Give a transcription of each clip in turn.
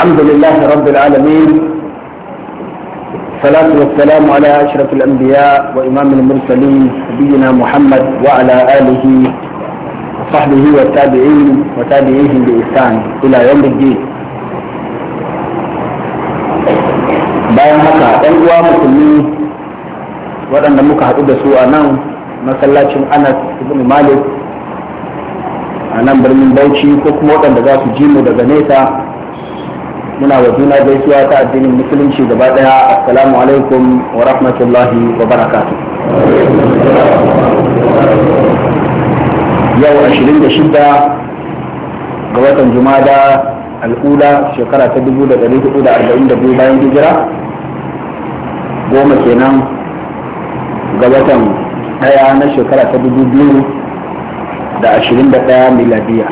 الحمد لله رب العالمين الصلاة والسلام على أشرف الأنبياء وإمام المرسلين نبينا محمد وعلى آله وصحبه والتابعين وتابعيهم بإحسان إلى يوم الدين bayan haka ɗan uwa musulmi waɗanda muka haɗu da su a nan masallacin anas ibn malik a nan birnin bauchi ko kuma waɗanda za su ji mu daga nesa muna wa juna gaisuwa ta addinin musulunci gaba daya assalamu alaikum wa rahmatullahi wa yau 26 ga watan jumada al'ula shekara ta 1442 bayan hijira goma kenan ga watan daya na shekara ta 2021 miladiya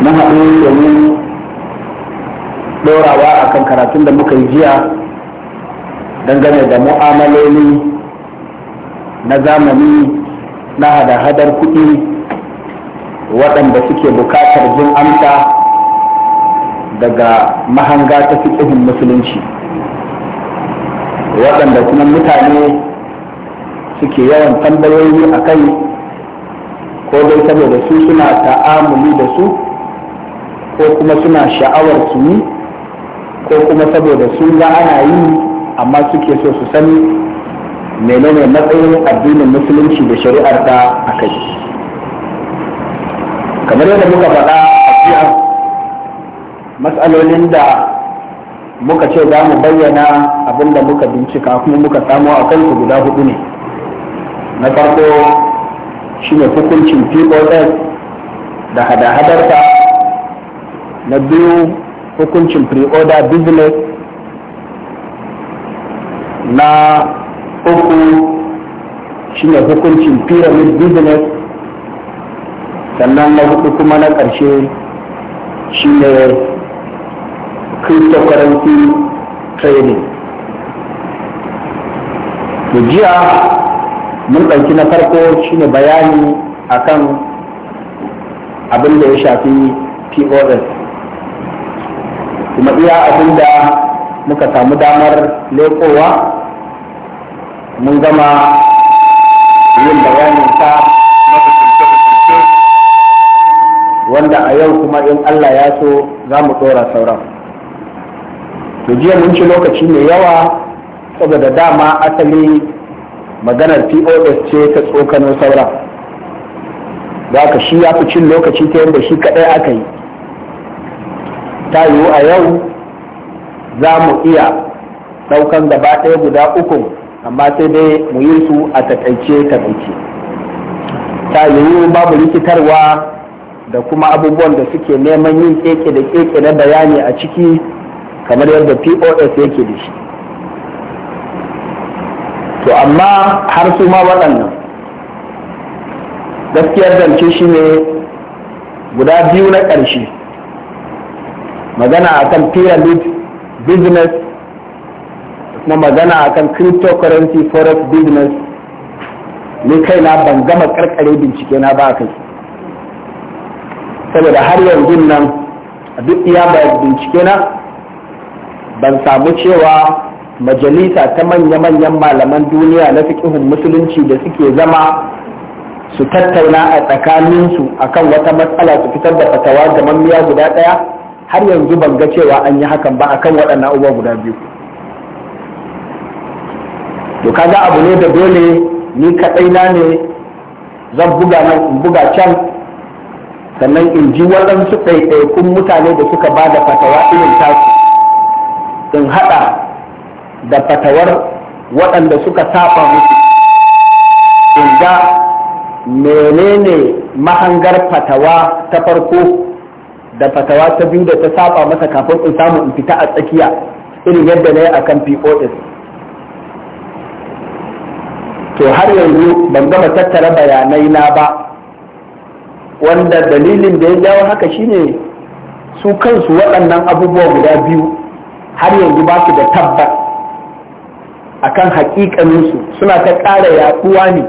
na haɗu domin dorawa a kan karatun da muka yi jiya dangane da mu'amaloli na zamani na hada-hadar kuɗi waɗanda suke buƙatar jin amsa daga mahanga ta fiƙihin musulunci waɗanda kuma mutane suke yawan tambayoyi a kai ko dai saboda su suna ta'amuli da su ko kuma suna sha'awar su yi ko kuma saboda sun ga ana yi amma suke so su sani menene matsayin addinin musulunci da shari'ar ta a kai kamar yadda muka faɗa a jiya matsalolin da muka ce za mu bayyana abin da muka bincika kuma muka samo a kansu guda hudu ne na farko shine hukuncin pos da hada-hadarta na biyu hukuncin pre-order business na uku shi ne hukuncin pyramid business sannan na hudu kuma na ƙarshe shine cryptocurrency trading da jiya mun ɗauki na farko shi ne bayani akan abin da ya shafi pos kuma iya abin da muka samu damar lekowa mun gama yin bayanin sa wanda a yau kuma in Allah ya so za mu ɗora sauran to jiya mun ci lokaci mai yawa saboda dama asali maganar pos ce ta tsokano sauran Ba ka shi ya fi cin lokaci ta yadda shi kaɗai aka yi ta yiwu a yau za mu iya ɗaukan gaba ɗaya guda uku amma sai dai mu yi su a taƙaice takaice ta yiwu babu rikitarwa da kuma abubuwan da suke neman yin keke da keke na bayani a ciki kamar yadda pos yake da shi to amma har su ma waɗannan gaskiyar zance shi ne guda biyu na ƙarshe magana akan pyramid business kuma magana akan cryptocurrency forex business ni kaina ban gama karkare bincike na ba kai saboda har yanzu nan duk iya bincike na ban samu cewa majalisa ta manya-manyan malaman duniya na fikihun musulunci da suke zama su tattauna a tsakaninsu akan wata matsala su fitar da fatawa ga mammiya guda ɗaya har yanzu ban ga cewa an yi hakan ba akan waɗannan abubuwa guda biyu to kaga abu ne da dole ni kaɗai na ne zan buga nan in buga can sannan in ji waɗansu ɗaiɗaikun mutane da suka ba da fatawa irin tasu in haɗa da fatawar waɗanda suka saba musu in ga menene mahangar fatawa ta farko da fatawa ta biyu da ta saba masa kafin in samu in fita a tsakiya irin yadda na yi a kan pos to har yanzu ban gama tattara bayanai na ba wanda dalilin da ya jawo haka shine su kansu waɗannan abubuwa guda biyu har yanzu ba su da a akan hakikaninsu suna ta ƙara yaɗuwa ne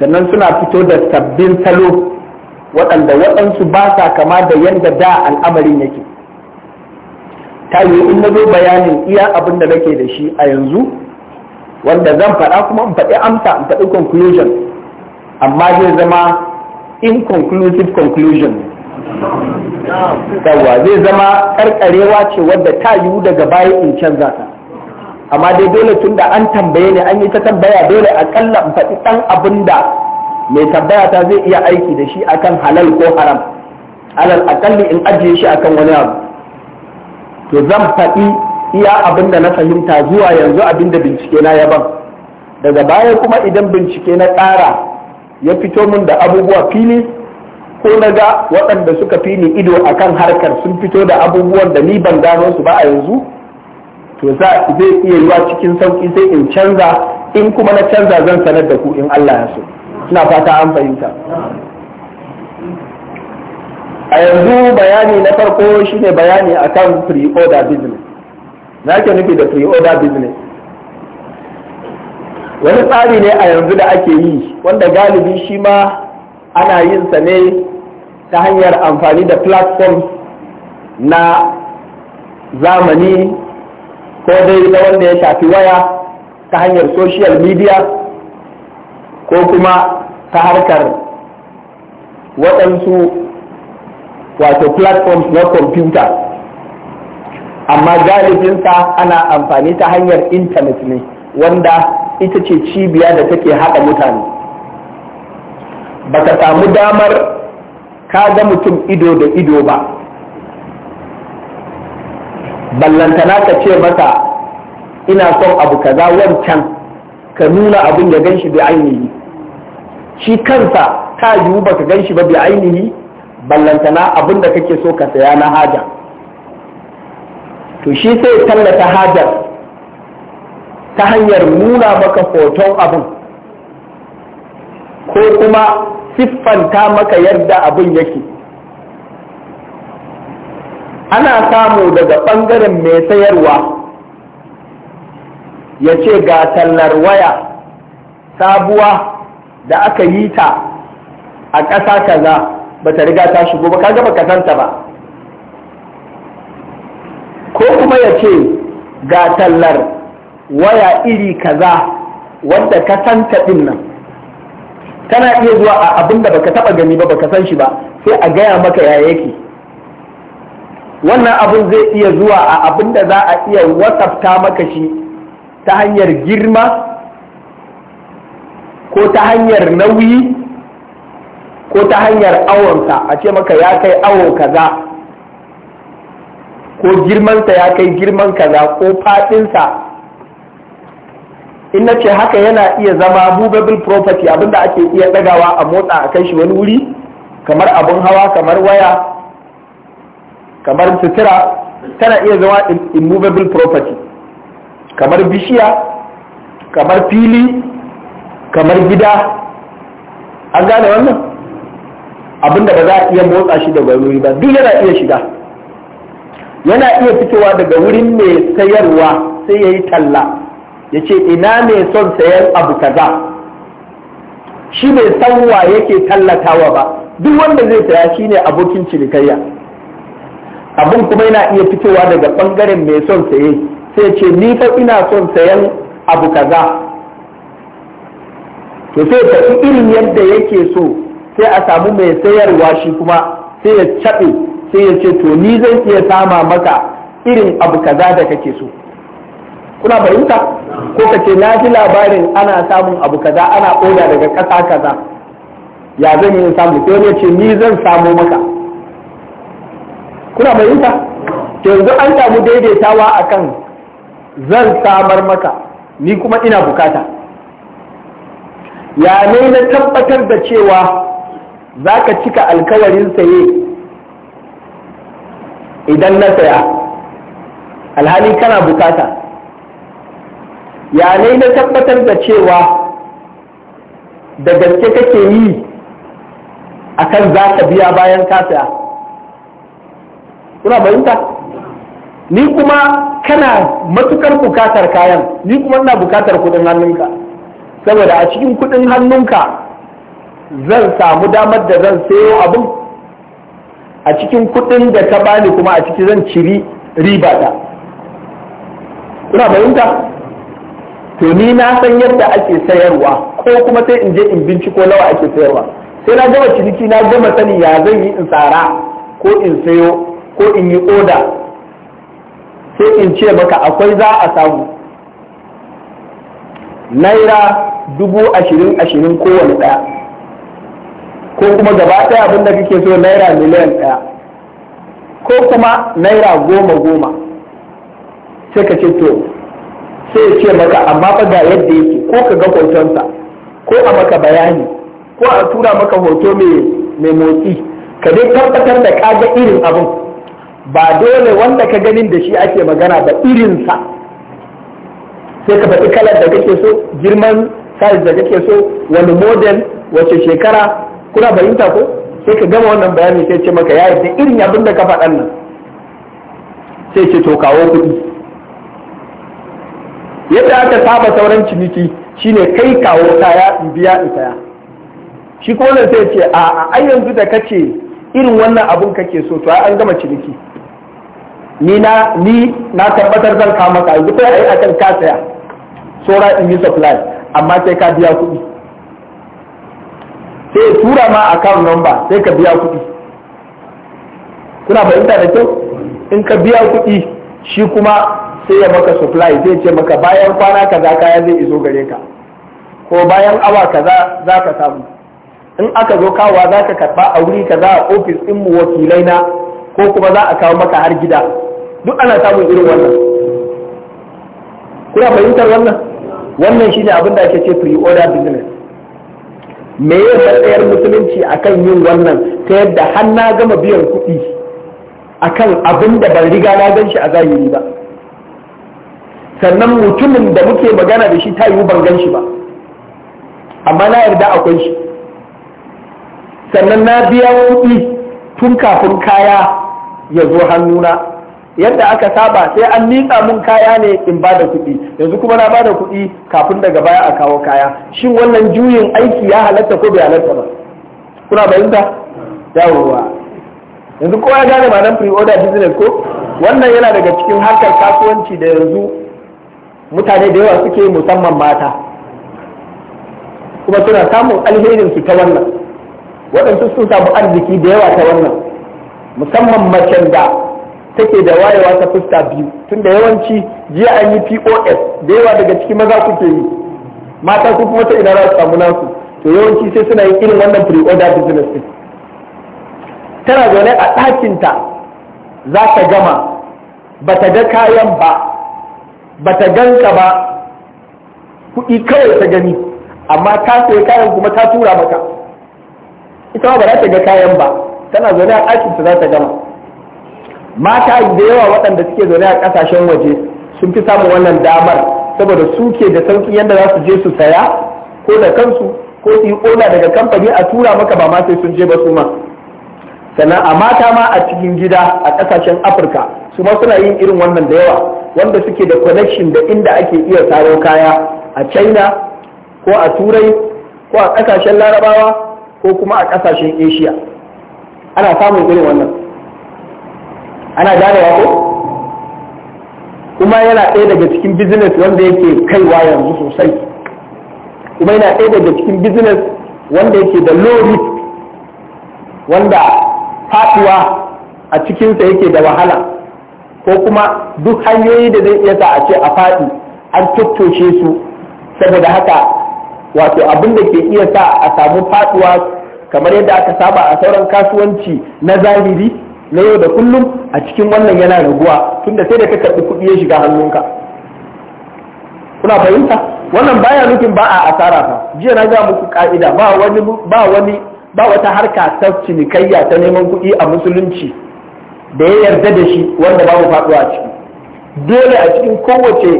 sannan suna fito da sabbin salo waɗanda waɗansu ba sa kama da yadda da al'amarin yake ta yi in na zo bayanin iya abin da nake da shi a yanzu wanda zan faɗa kuma in faɗi amsa in faɗi conclusion amma zai zama inconclusive conclusion yawa zai zama karkarewa ce wadda ta yiwu daga baya in canza ta amma dai dole tun da an tambaye ne an yi ta tambaya dole akalla in faɗi ɗan abin da mai tabbaya ta zai iya aiki da shi akan halal ko haram alal akalli in ajiye shi akan wani abu to zan faɗi iya abin da na fahimta zuwa yanzu abin da bincike na yaban daga baya kuma idan bincike na ƙara ya fito min da abubuwa fili ko na ga waɗanda suka fi ni ido akan harkar sun fito da abubuwan da ni ban gano su ba a yanzu to za zai iya yiwa cikin sauƙi sai in canza in kuma na canza zan sanar da ku in Allah ya so. na fata an fahimta a yanzu bayani na farko shine bayani akan pre-order business na ke nufi da pre-order business wani tsari ne a yanzu da ake yi wanda galibi shi ma ana yin sa ne ta hanyar amfani da platform na zamani ko dai da wanda ya shafi waya ta hanyar social media ko kuma ta harkar waɗansu wato platforms na kwamfuta amma galibinsa ana amfani ta hanyar intanet ne wanda ita ce cibiya da take haɗa mutane baka samu damar ka ga mutum ido da ido ba ballantana ka ce masa ina son abu kaza wancan ka nuna abin da gan shi da ainihi shi kansa ta yiwu ka gan shi ba bi ainihi ballantana abin da kake so ka saya na haja to shi sai tallata hajar ta hanyar nuna maka hoton abin ko kuma siffanta maka yadda abin yake ana samu daga ɓangaren mai sayarwa ya ce ga tallar waya sabuwa da aka yi ta a ƙasa kaza ba ta riga ta shigo ba kaga ba santa ba ko kuma ya ce ga tallar waya iri kaza wanda ka santa din nan tana iya zuwa a abin da baka taba gani ba baka san shi ba sai a gaya maka ya yake wannan abin zai iya zuwa a abin da za a iya wasafta maka shi ta hanyar girma ko ta hanyar nauyi ko ta hanyar awonsa a ce maka ya kai awo kaza ko girmansa ya kai girman kaza ko fadinsa in na ce haka yana iya zama movable property abinda ake iya dagawa a motsa a kai shi wani wuri kamar abun hawa kamar waya kamar sutura tana iya zama immovable property kamar bishiya kamar fili kamar gida an gane wannan abinda ba za a iya motsa shi daga wuri ba duk yana iya shiga yana iya fitowa daga wurin mai sayarwa sai ya yi talla ya ce ina mai son sayan abu kaza shi mai sanwa wa yake tallatawa ba duk wanda zai saya shi ne abokin cinikayya abin kuma yana iya fitowa daga ɓangaren mai son saye sai ce ni fa ina son sayan abu kaza to sai tafi irin yadda yake so sai a samu mai sayarwa shi kuma sai ya caɓe sai ya ce to ni zan iya sama maka irin abu kaza da kake so kuna fahimta ko ka ce na ji labarin ana samun abu kaza ana oda daga ƙasa kaza ya zan yi samu sai ya ce ni zan samo maka kuna fahimta yanzu an samu daidaitawa akan zan samar maka ni kuma ina bukata ya ne na tabbatar da cewa za ka cika alkawarin saye idan na saya alhali kana bukata ya ne na tabbatar da cewa da gaske kake yi akan za ka biya bayan ka saya kuna bayanta ni kuma kana matukar bukatar kayan ni kuma ina bukatar kudin hannunka saboda a cikin kudin hannunka zan samu damar da zan sayo abin a cikin kudin da ka bani kuma a ciki zan ciri riba ta kuna fahimta to ni na san yadda ake sayarwa ko kuma sai in je in binciko nawa ake sayarwa sai na gama ciniki na gama sani ya zan yi in tsara ko in sayo ko in yi oda sai in ce maka akwai za a samu naira dubu ashirin ashirin kowane ɗaya ko kuma gaba ɗaya abin kake so naira miliyan ɗaya ko kuma naira goma goma sai ka ce to sai ce maka amma fa ga yadda yake ko ka ga hotonsa ko a maka bayani ko a tura maka hoto mai motsi ka dai tabbatar da ka ga irin abin ba dole wanda ka ganin da shi ake magana ba irinsa sai ka faɗi kalar da kake so girman size da kake so wani model wace shekara kuna fahimta ko sai ka gama wannan bayani sai ce maka ya da irin abin da ka faɗan nan sai ce to kawo kuɗi yadda aka saba sauran ciniki shine kai kawo kaya in biya in saya shi ko nan sai ce a a yanzu da kace irin wannan abun kake so to an gama ciniki ni na ni na tabbatar zan kawo maka yanzu ko ai akan ka saya sora in yi supply amma sai ka biya kuɗi sai tura ma account number sai ka biya kuɗi kuna fahimta da kyau in ka biya kuɗi shi kuma sai ya maka supply zai ce maka bayan kwana kaza kaya zai iso gare ka ko bayan awa kaza za ka samu in aka zo kawowa za ka karɓa a wuri kaza a ofis ɗin mu wakilai na ko kuma za a kawo maka har gida duk ana samun irin wannan kuna fahimtar wannan wannan shine abin da ake ce pre-order business me ya tsayar musulunci akan yin wannan ta yadda har na gama biyan kuɗi akan abin da ban riga na gan shi a zahiri ba sannan mutumin da muke magana da shi ta yiwu ban gan shi ba amma na yarda akwai shi sannan na biya kuɗi tun kafin kaya ya zo hannuna yadda aka saba sai an miƙa mun kaya ne in ba da kuɗi yanzu kuma na ba da kuɗi kafin daga baya a kawo kaya shin wannan juyin aiki ya halatta ko bai halatta ba kuna bayanta yawowa yanzu kowa ya gane ma'anar pre-order business ko wannan yana daga cikin harkar kasuwanci da yanzu mutane da yawa suke musamman mata kuma suna samun alherin su ta wannan waɗansu sun samu arziki da yawa ta wannan musamman macen da take da wayewa ta fuska biyu tunda yawanci jiya an yi pos da yawa daga ciki maza kuke yi mata ku kuma ta ina za su samu nasu to yawanci sai suna yin irin wannan pre-order business din tana zaune a ɗakinta za ta gama ba ta ga kayan ba ba ta ganka ba kuɗi kawai ta gani amma ta sayi kayan kuma ta tura maka ita ba za ta ga kayan ba tana zaune a ɗakinta za ta gama mata da yawa waɗanda suke zaune a ƙasashen waje sun fi samun wannan damar saboda suke da sauƙi yadda za su je su saya ko da kansu ko su yi ƙona daga kamfani a tura maka ba ma sai sun je ba su ma sannan a mata ma a cikin gida a ƙasashen afirka su ma suna yin irin wannan da yawa wanda suke da connection da inda ake iya saro kaya a china ko a turai ko a ƙasashen larabawa ko kuma a ƙasashen asia ana samun irin wannan ana ganewa ko kuma yana ɗaya daga cikin business wanda yake kaiwa yanzu sosai kuma yana ɗaya daga cikin business wanda yake da low risk wanda faɗuwa a cikinsa yake da wahala ko kuma duk hanyoyi da zai iya sa a ce a faɗi an tattoshe su saboda haka wato abin da ke iya sa a samu faɗuwa kamar yadda aka saba a sauran kasuwanci na zahiri na yau da kullum a cikin wannan yana raguwa tunda sai da ka karɓi kuɗi ya shiga hannunka kuna fahimta wannan baya nufin ba a asara fa jiya na ga muku ka'ida ba wani ba wani ba wata harka ta cinikayya ta neman kuɗi a musulunci da ya yarda da shi wanda babu faɗuwa a ciki dole a cikin kowace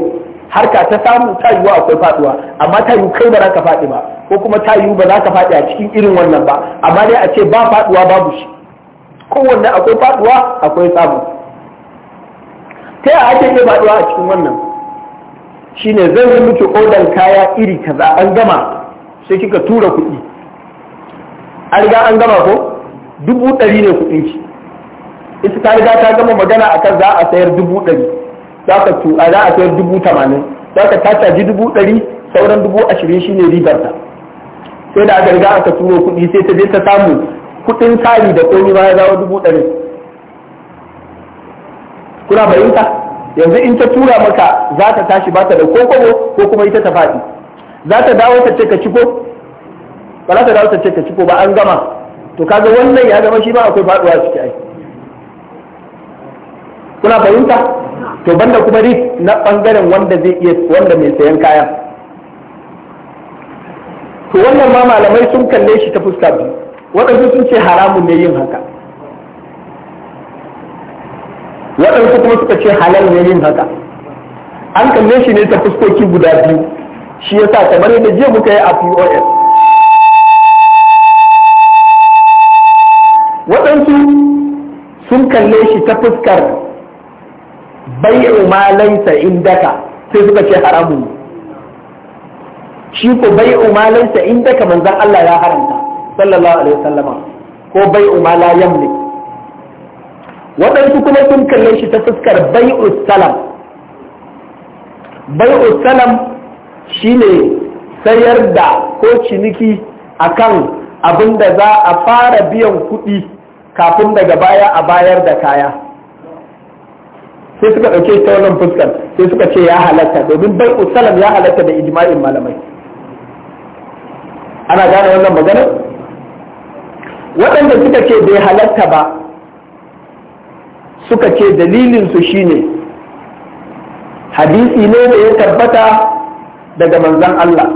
harka ta samu ta yiwu akwai faɗuwa amma ta yiwu kai ba za ka faɗi ba ko kuma ta yiwu ba za ka faɗi a cikin irin wannan ba amma dai a ce ba faɗuwa babu shi kowanne akwai faduwa akwai samu ta yaya ake ke faduwa a cikin wannan Shi ne zan yi miki odan kaya iri kaza an gama sai kika tura kuɗi an riga an gama ko dubu ɗari ne kuɗin ki ita ta riga ta gama magana a kan za a sayar dubu ɗari za ka tura za a sayar dubu tamanin za ka ta caji dubu ɗari sauran dubu ashirin shi ribar ribarta sai da aka riga aka turo kuɗi sai ta je ta samu kudin tari da komi ba ya dawo dubu ɗari kuna bayinta yanzu in ta tura maka za ta tashi ba ta da ko ko kuma ita ta faɗi za ta dawo ta ce ka ciko ba za ta dawo ta ce ka ciko ba an gama to kaga wannan ya zama shi ba akwai faɗuwa ciki ai kuna fahimta to banda kuma rit na bangaren wanda zai iya wanda mai sayan kayan to wannan ma malamai sun kalle shi ta fuska biyu waɗansu sun ce haramun ne yin haka waɗansu kuma suka ce halal ne yin haka an kalle shi ne ta fuskoki guda biyu shi yasa kamar yadda jiya muka yi a pos waɗansu sun kalle shi ta fuskar bai umalaisa laisa indaka sai suka ce haramun shi ko bai umalaisa laisa indaka manzan Allah ya haramta sallallahu alaihi wasallama ko bai ma la yamlik waɗansu kuma sun kalle shi ta fuskar bai'u salam bai'u salam shine sayar da ko ciniki akan abin da za a fara biyan kuɗi kafin daga baya a bayar da kaya sai suka ɗauke ta wannan fuskar sai suka ce ya halatta domin bai salam ya halatta da ijma'in malamai ana gane wannan maganar waɗanda suka ce bai halatta ba suka ce dalilinsu shine hadisi ne da ya tabbata daga manzan Allah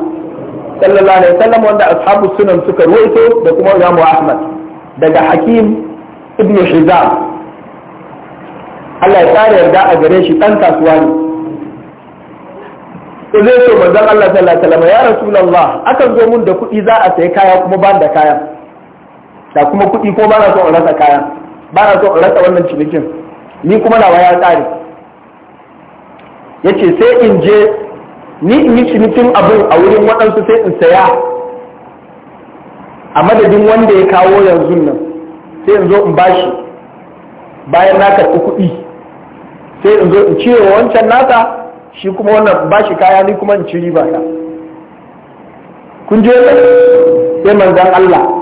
sallallahu alaihi wasallam wanda ashabu sunan suka ruwaito da kuma Imam Ahmad daga Hakim ibn Hizam Allah ya tsara yarda a gare shi ɗan kasuwa ne to zai ce manzon Allah sallallahu alaihi wasallam ya rasulullah akan zo mun da kuɗi za a sayi kaya kuma ban da kaya da kuma kuɗi ko ba na so in rasa kayan ba na so in rasa wannan cinikin ni kuma na ya tsari ya ce sai in je ni in yi cinikin abin a wurin waɗansu sai in saya a madadin wanda ya kawo yanzu nan sai in zo in bashi bayan na karɓi kuɗi sai in zo in cire wancan nasa shi kuma wannan bashi kaya ni kuma in ci riba ta kun je sai manzan Allah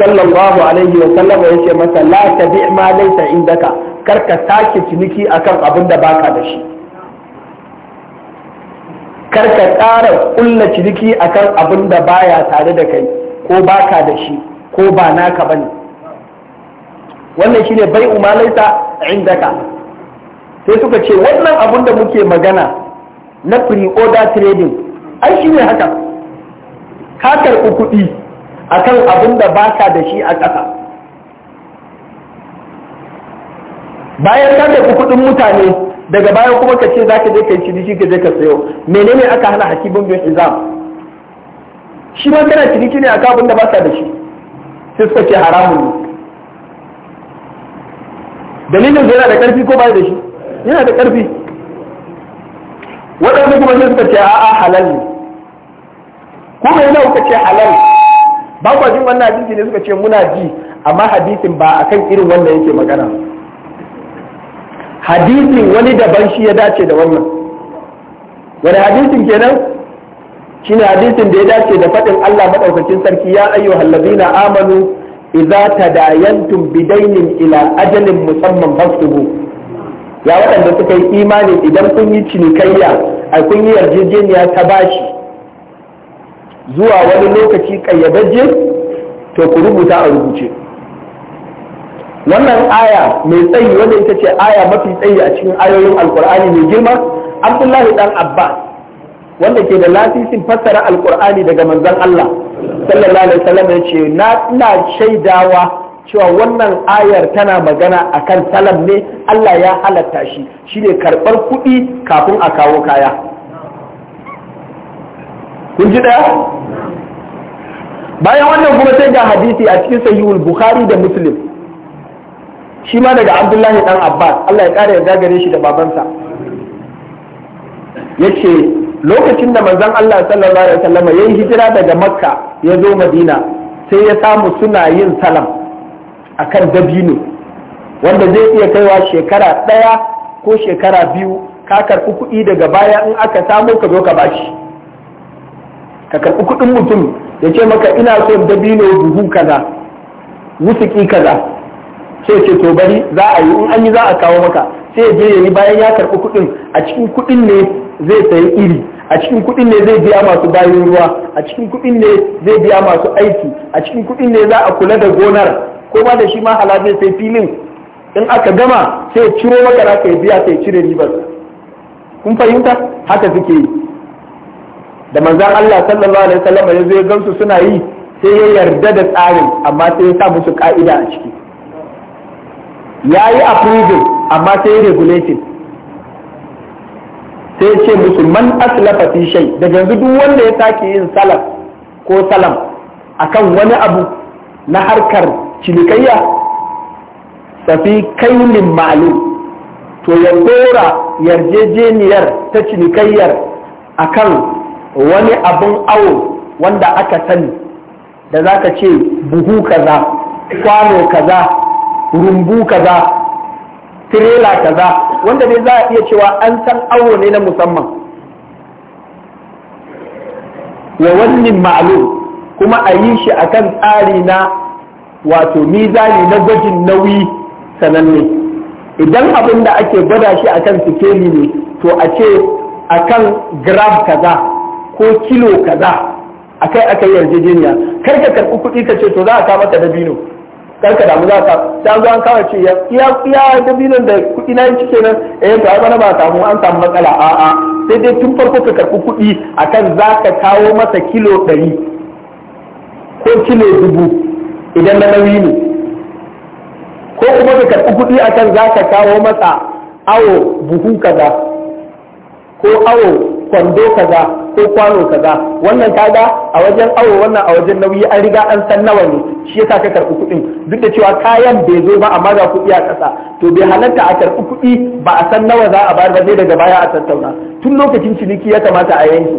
sallallahu alaihi wa sallam ya ce masa la tabi ma laysa indaka kar ka sake ciniki akan abin da baka da shi kar ka ƙara ƙulla ciniki akan abin da baya tare da kai ko baka da shi ko ba naka bane wannan shine bai umalaita indaka sai suka ce wannan abin da muke magana na pre order trading ai shine haka ka karɓi kuɗi akan abin da ba ka da shi a ƙasa bayan ka tafi kuɗin mutane daga baya kuma ka ce za ka je ka yi ciniki ka je ka sayo menene aka hana hakimin bin izam shi ma kana ciniki ne akan abin da ba ka da shi sai suka ce haramun ne dalilin yana da ƙarfi ko ba da shi yana da ƙarfi waɗanda kuma sai suka ce a'a halal ne kuma yana kuka ce halal ba kwa jin wannan hadisi ne suka ce muna ji amma hadisin ba a kan irin wannan yake magana hadisin wani daban shi ya dace da wannan wani hadisin kenan Shin hadisin da ya dace da faɗin Allah maɗaukacin sarki ya ayyuhal ladina amanu idza tadayantum bidainin ila ajalin musamman faktubu ya waɗanda suka yi imani idan kun yi cinikayya a kun yi yarjejeniya ta bashi zuwa wani lokaci kayyadajje to ku rubuta a rubuce wannan aya mai tsayi wanda ita ce aya mafi tsayi a cikin ayoyin alkur'ani mai girma abdullahi dan Abba wanda ke da lasisin fassara alkur'ani daga manzon allah sallallahu alaihi wasallam ya ce na ina shaidawa cewa wannan ayar tana magana akan salam ne allah ya halatta shi shine karɓar kuɗi kafin a kawo kaya kun ji ɗaya bayan wannan kuma sai ga hadisi a cikin sahihul bukhari da muslim shi ma daga abdullahi dan abbas allah ya kara ya gagare shi da babansa yace lokacin da manzon allah sallallahu alaihi wasallam ya yi hijira daga makka ya zo madina sai ya samu suna yin salam akan dabino wanda zai iya kaiwa shekara ɗaya ko shekara biyu ka karɓi kuɗi daga baya in aka samu ka zo ka bashi ka karɓi kuɗin mutum ya ce maka ina so dabino buhu kaza wusuki kaza sai ce to bari za a yi in an yi za a kawo maka sai ya je ya yi bayan ya karɓi kuɗin a cikin kuɗin ne zai sayi iri a cikin kuɗin ne zai biya masu bayan ruwa a cikin kuɗin ne zai biya masu aiki a cikin kuɗin ne za a kula da gonar ko ba da shi ma hala zai sai filin in aka gama sai ciro maka naka ya biya sai cire ribar kun fahimta haka suke yi da manzan Allah sallallahu alaihi wasallam ya zo ya gamsu suna yi sai ya yarda da tsarin amma sai ya sa musu ka'ida a ciki ya yi approving amma sai ya regulate sai ce musu man aslafa fi shay daga yanzu duk wanda ya sake yin salaf ko salam akan wani abu na harkar cinikayya safi kainin ma'lum to ya dora yarjejeniyar ta cinikayyar akan wani abin awo wanda aka sani da za ka ce buhu kaza kwano kaza rumbu kaza tirela kaza wanda ne za a iya cewa an san awo ne na musamman wa wannan ma'alo kuma a yi shi a kan tsari na wato mizani na gwajin nauyi sananne idan abin da ake gwada shi a kan sikeli ne to a ce a kan gram kaza ko kilo kaza a kai a kai yarjejeniya kar ka karɓi kuɗi ka ce to za a kawo maka dabino kar ka damu za ka ta zo an kawo ce ya iya dabino da kuɗi na yanki kenan eh to ai bana ba samu an samu matsala a'a sai dai tun farko ka karɓi kuɗi akan za ka kawo masa kilo ɗari ko kilo dubu idan na nauyi ne ko kuma ka karɓi kuɗi akan za ka kawo masa awo buhu kaza ko awo kwando kaza ko kwano kaza wannan kaga a wajen awo wannan a wajen nauyi an riga an san nawa ne shi yasa ka karɓi kuɗin duk da cewa kayan bai zo ba amma ga kuɗi a ƙasa to bai halarta a karbi kuɗi ba a san nawa za a bayar ba sai daga baya a tattauna tun lokacin ciniki ya kamata a yanki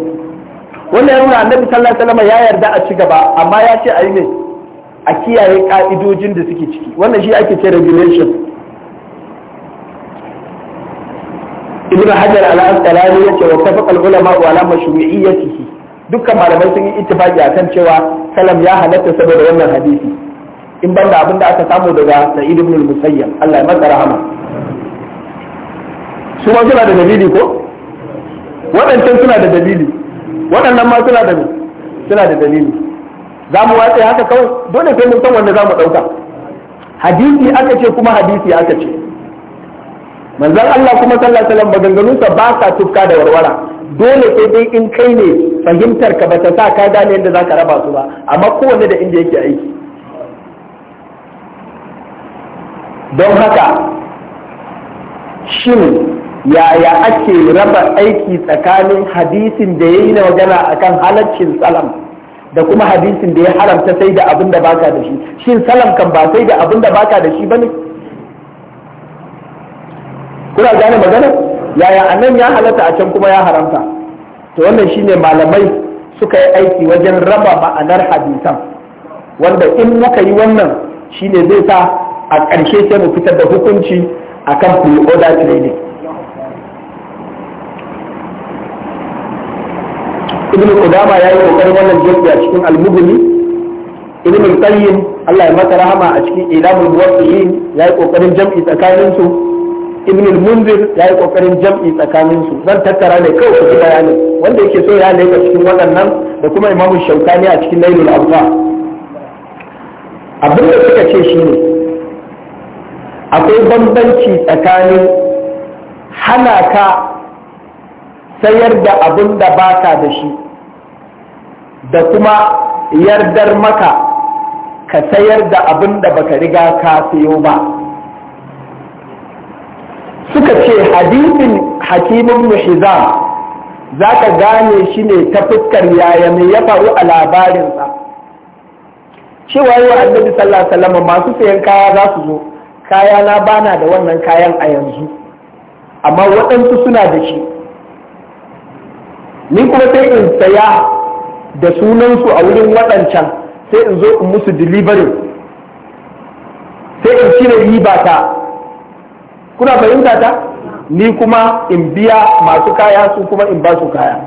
wannan ya annabi sallallahu alaihi ya yarda a ci gaba amma ya ce a yi ne a kiyaye ka'idojin da suke ciki wannan shi ake ce regulation ibn hajar al-asqalani yace wa tafaqa ulama wa ala mashru'iyyatihi dukkan malamai sun yi ittifaqi akan cewa kalan ya halatta saboda wannan hadisi in banda abin da aka samu daga sa'id ibn al su ma suna da dalili ko waɗancan suna da dalili waɗannan ma suna da suna da dalili za mu watsa haka kawai dole sai mun san wanda za mu ɗauka hadisi aka ce kuma hadisi aka ce manzon Allah kuma sallallahu alaihi wasallam maganganunsa ba sa tufka da warwara dole sai dai in kai ne fahimtar ka bata sa ka gane yadda zaka raba su ba amma kowanne da inda yake aiki don haka shin yaya ake raba aiki tsakanin hadisin da ya yi na magana akan halaccin salam da kuma hadisin da ya haramta sai da abin da baka da shi shin salam kan ba sai da abin da baka da shi bane kuna gane magana yaya a nan ya halatta a can kuma ya haramta to wannan shine malamai suka yi aiki wajen raba ma'anar hadisan wanda in muka yi wannan shine zai sa a ƙarshe sai mu fitar da hukunci akan kan order trading ibn qudama yayi kokarin wannan jirgi a cikin al-mughni ibn al-qayyim Allah ya masa rahama a cikin ilamul muwaqqi'in yayi kokarin jam'i tsakaninsu su ibn al-munzir ya yi kokarin jam'i tsakanin su zan tattara ne kawai ku bayanin wanda yake so ya leka cikin waɗannan da kuma imamu shaukani a cikin lailul afa abin da suka ce shine akwai bambanci tsakanin hana ka sayar da abin da baka da shi da kuma yardar maka ka sayar da abin da baka riga ka sayo ba suka ce hadisin hakimin muhizam za ka gane shi ne ta fuskar yaya mai ya faru a labarinsa cewa yi wa annabi sallallahu masu sayan kaya za su zo kaya na bana da wannan kayan a yanzu amma waɗansu suna da shi ni kuma sai in saya da sunansu a wurin waɗancan sai in zo in musu delivery sai in cire riba ta kuna fahimta ta ni kuma in biya masu kaya su kuma in ba su kaya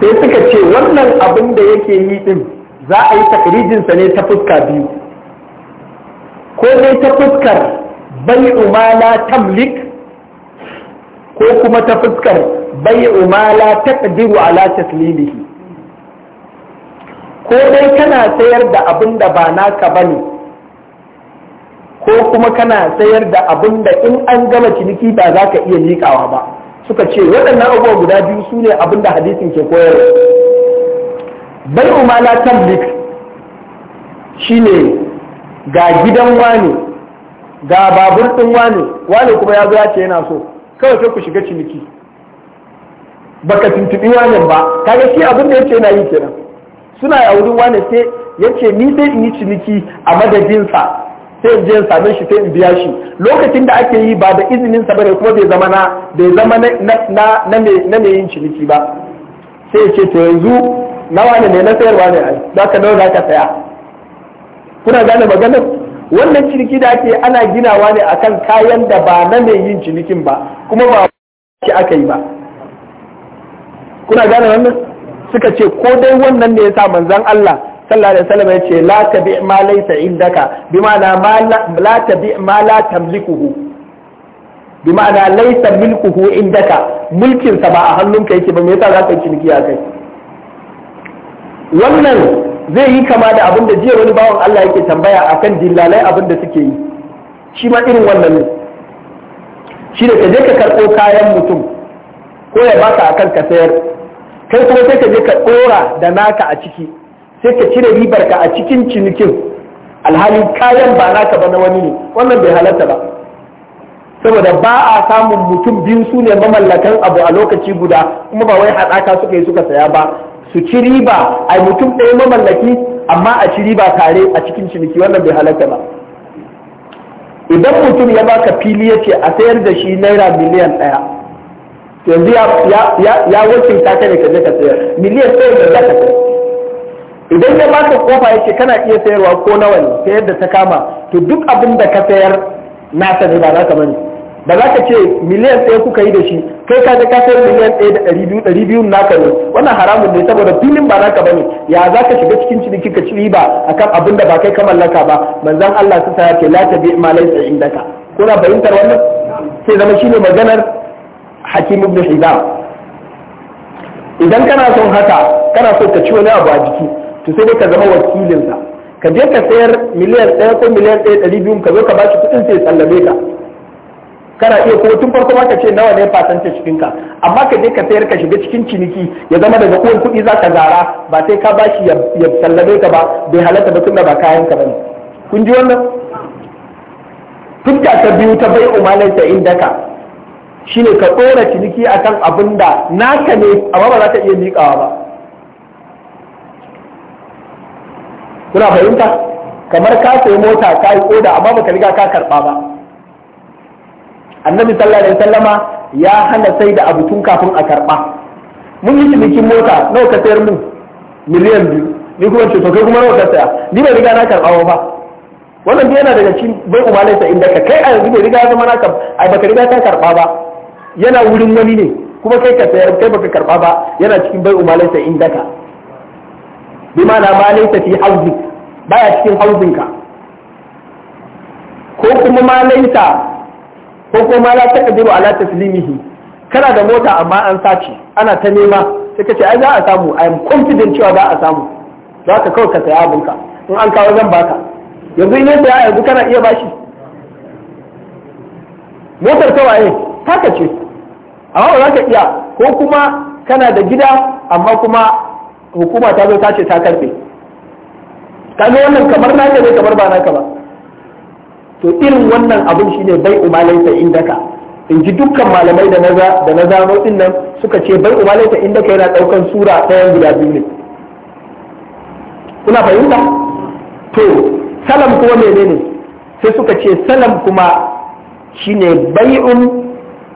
sai suka ce wannan abin da yake yi din za a yi takrijinsa ne ta fuska biyu ko dai ta fuskar bai umala tamlik ko kuma ta fuskar bai umala taqdiru ala taslimihi ko dai kana sayar da abin da ba naka bane ko kuma kana sayar da abin da in an gama ciniki ba za ka iya miƙawa ba suka ce waɗannan abubuwa guda biyu su ne abin da hadisin ke koyarwa bai umala tablik ne ga gidan wani ga babur ɗin wani wani kuma ya zo ya ce yana so kawai sai ku shiga ciniki ba ka tuntubi wani ba kaga shi abin da yace yana yi kenan suna yawurin wani sai yace ni dai in yi ciniki a madadinsa sai je in same shi sai in biya shi lokacin da ake yi ba da izinin sa bane kuma bai zama na bai zama na na na me yin ciniki ba sai ya ce to yanzu nawa ne ne na sayarwa ne ai da ka nawa ka saya kuna gane maganar wannan ciniki da ake ana ginawa ne akan kayan da ba na me yin cinikin ba kuma ba shi aka yi ba kuna gane wannan suka ce ko dai wannan ne yasa manzon Allah sallallahu alaihi wasallam yace la tabi ma laysa indaka bima'ana ma la tabi ma la tamlikuhu bima'ana laysa milkuhu indaka mulkin sa ba a hannunka yake ba me yasa za ka yi ciniki a kai wannan zai yi kama da abin da jiya wani bawan Allah yake tambaya akan dillalai abin da suke yi shi ma irin wannan ne shi da kaje ka karɓo kayan mutum ko ya baka akan ka sayar kai kuma sai ka je ka ɗora da naka a ciki sai ka cire ribar ka a cikin cinikin alhali kayan ba naka ba na wani ne wannan bai halatta ba saboda ba a samun mutum biyu su ne mamallakan abu a lokaci guda kuma ba wai haɗaka suka yi suka saya ba su ci riba a mutum ɗaya mamallaki amma a ci riba tare a cikin ciniki wannan bai halatta ba idan mutum ya baka fili ya ce a sayar da shi naira miliyan ɗaya yanzu ya wakilta ka ne ka je ka sayar miliyan ɗaya da za ka sayar idan ya baka kofa yake kana iya sayarwa ko nawa ne ta yadda ta kama to duk abin da ka sayar nasa ne ba za ka bane ba za ka ce miliyan ɗaya kuka yi da shi kai ka je ka sayar miliyan ɗaya da ɗari biyu ɗari biyu naka ne wannan haramun ne saboda filin ba za ka bane ya za ka shiga cikin ciniki ka ci riba akan abin da ba kai ka mallaka ba manzan Allah su ya ke la bi ma laysa indaka kuna fahimtar wannan sai zama shine maganar Hakim ibn Hizam idan kana son haka kana so ka ci wani abu a jiki to sai ka zama wakilinsa ka je ka sayar miliyan ɗaya ko miliyan ɗaya ɗari biyu ka zo ka bashi kuɗin sai sallame ka kana iya ko tun farko ma ka ce nawa ne fasance cikin ka amma ka je ka sayar ka shiga cikin ciniki ya zama daga uwan kuɗi za ka zara ba sai ka bashi ya sallame ka ba bai halatta ba tunda ba kayan ka bane kun ji wannan tun ta biyu ta bai umalai ta Shi shine ka ɗora ciniki akan abin da naka ne amma ba za ka iya miƙawa ba kuna fahimta kamar ka sayi mota ka yi koda amma baka riga ka karba ba annabi sallallahu alaihi wasallama ya hana sai da abu tun kafin a karba mun yi cinikin mota nawa ka sayar mun miliyan biyu ni kuma ce to kai kuma nawa ka saya ni bai riga na karba ba wannan yana daga cikin bai umalai sa inda ka kai a yanzu bai riga zama na ka ai baka riga ka karba ba yana wurin wani ne kuma kai ka sayar kai baka karba ba yana cikin bai umalai sa inda ka bi ma na ma laisa fi hauzin baya cikin hauzin ka ko kuma ma laisa ko kuma ma la taqdiru ala taslimihi kana da mota amma an sace ana ta nema sai kace ai za a samu i am confident cewa za a samu za ka kawai ka saya abinka in an kawo zan baka yanzu in ya saya yanzu kana iya bashi motar ta waye taka ce amma ba za ka iya ko kuma kana da gida amma kuma hukuma ta zo ta ce ta karbe kaga wannan kamar naka ne kamar ba naka ba to irin wannan abin shine bai umalaita indaka in ji dukkan malamai da naza da na zano din nan suka ce bai umalaita indaka yana daukan sura ɗaya guda biyu ne kuna fahimta to salam kuma menene sai suka ce salam kuma shine bai'un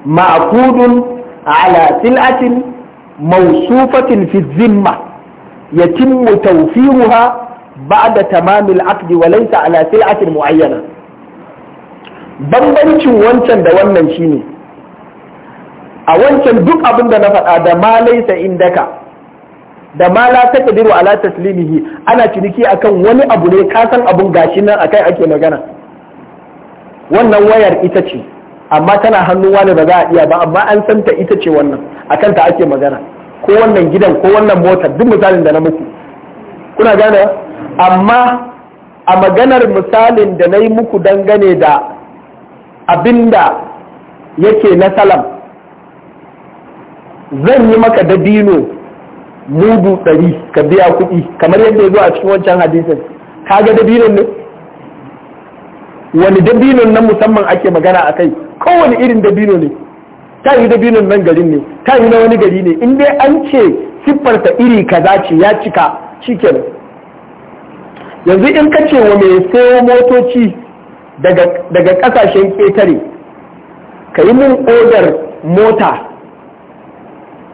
ma'qudun ala sil'atin mausufatin fi zimma yatimmu tawfiruha ba'da tamamil aqdi wa laysa ala sil'atin ayyana. bambancin wancan da wannan shine a wancan duk abin da na faɗa da ma laysa indaka da ma la taqdiru ala taslimihi ana ciniki akan wani abu ne ka san abun gashi nan akai ake magana wannan wayar ita ce amma tana hannun wani ba za iya ba amma an santa ita ce wannan akan ta ake magana ko wannan gidan ko wannan mota, duk misalin da na muku kuna gane amma a maganar misalin da na yi muku dangane da abinda yake na salam zan yi maka dabino mudu ɗari ka biya kuɗi kamar yadda ya zo a cikin wancan hadisin ka ga dino ne wani dabinon na musamman ake magana a kai kowane irin dabino ne ta yi dabinin nan garin ne ta yi na wani gari ne in dai an ce siffarta iri kaza ce ya cika cike yanzu in ka ce wa mai sayo motoci daga kasashen ƙetare ka yi min odar mota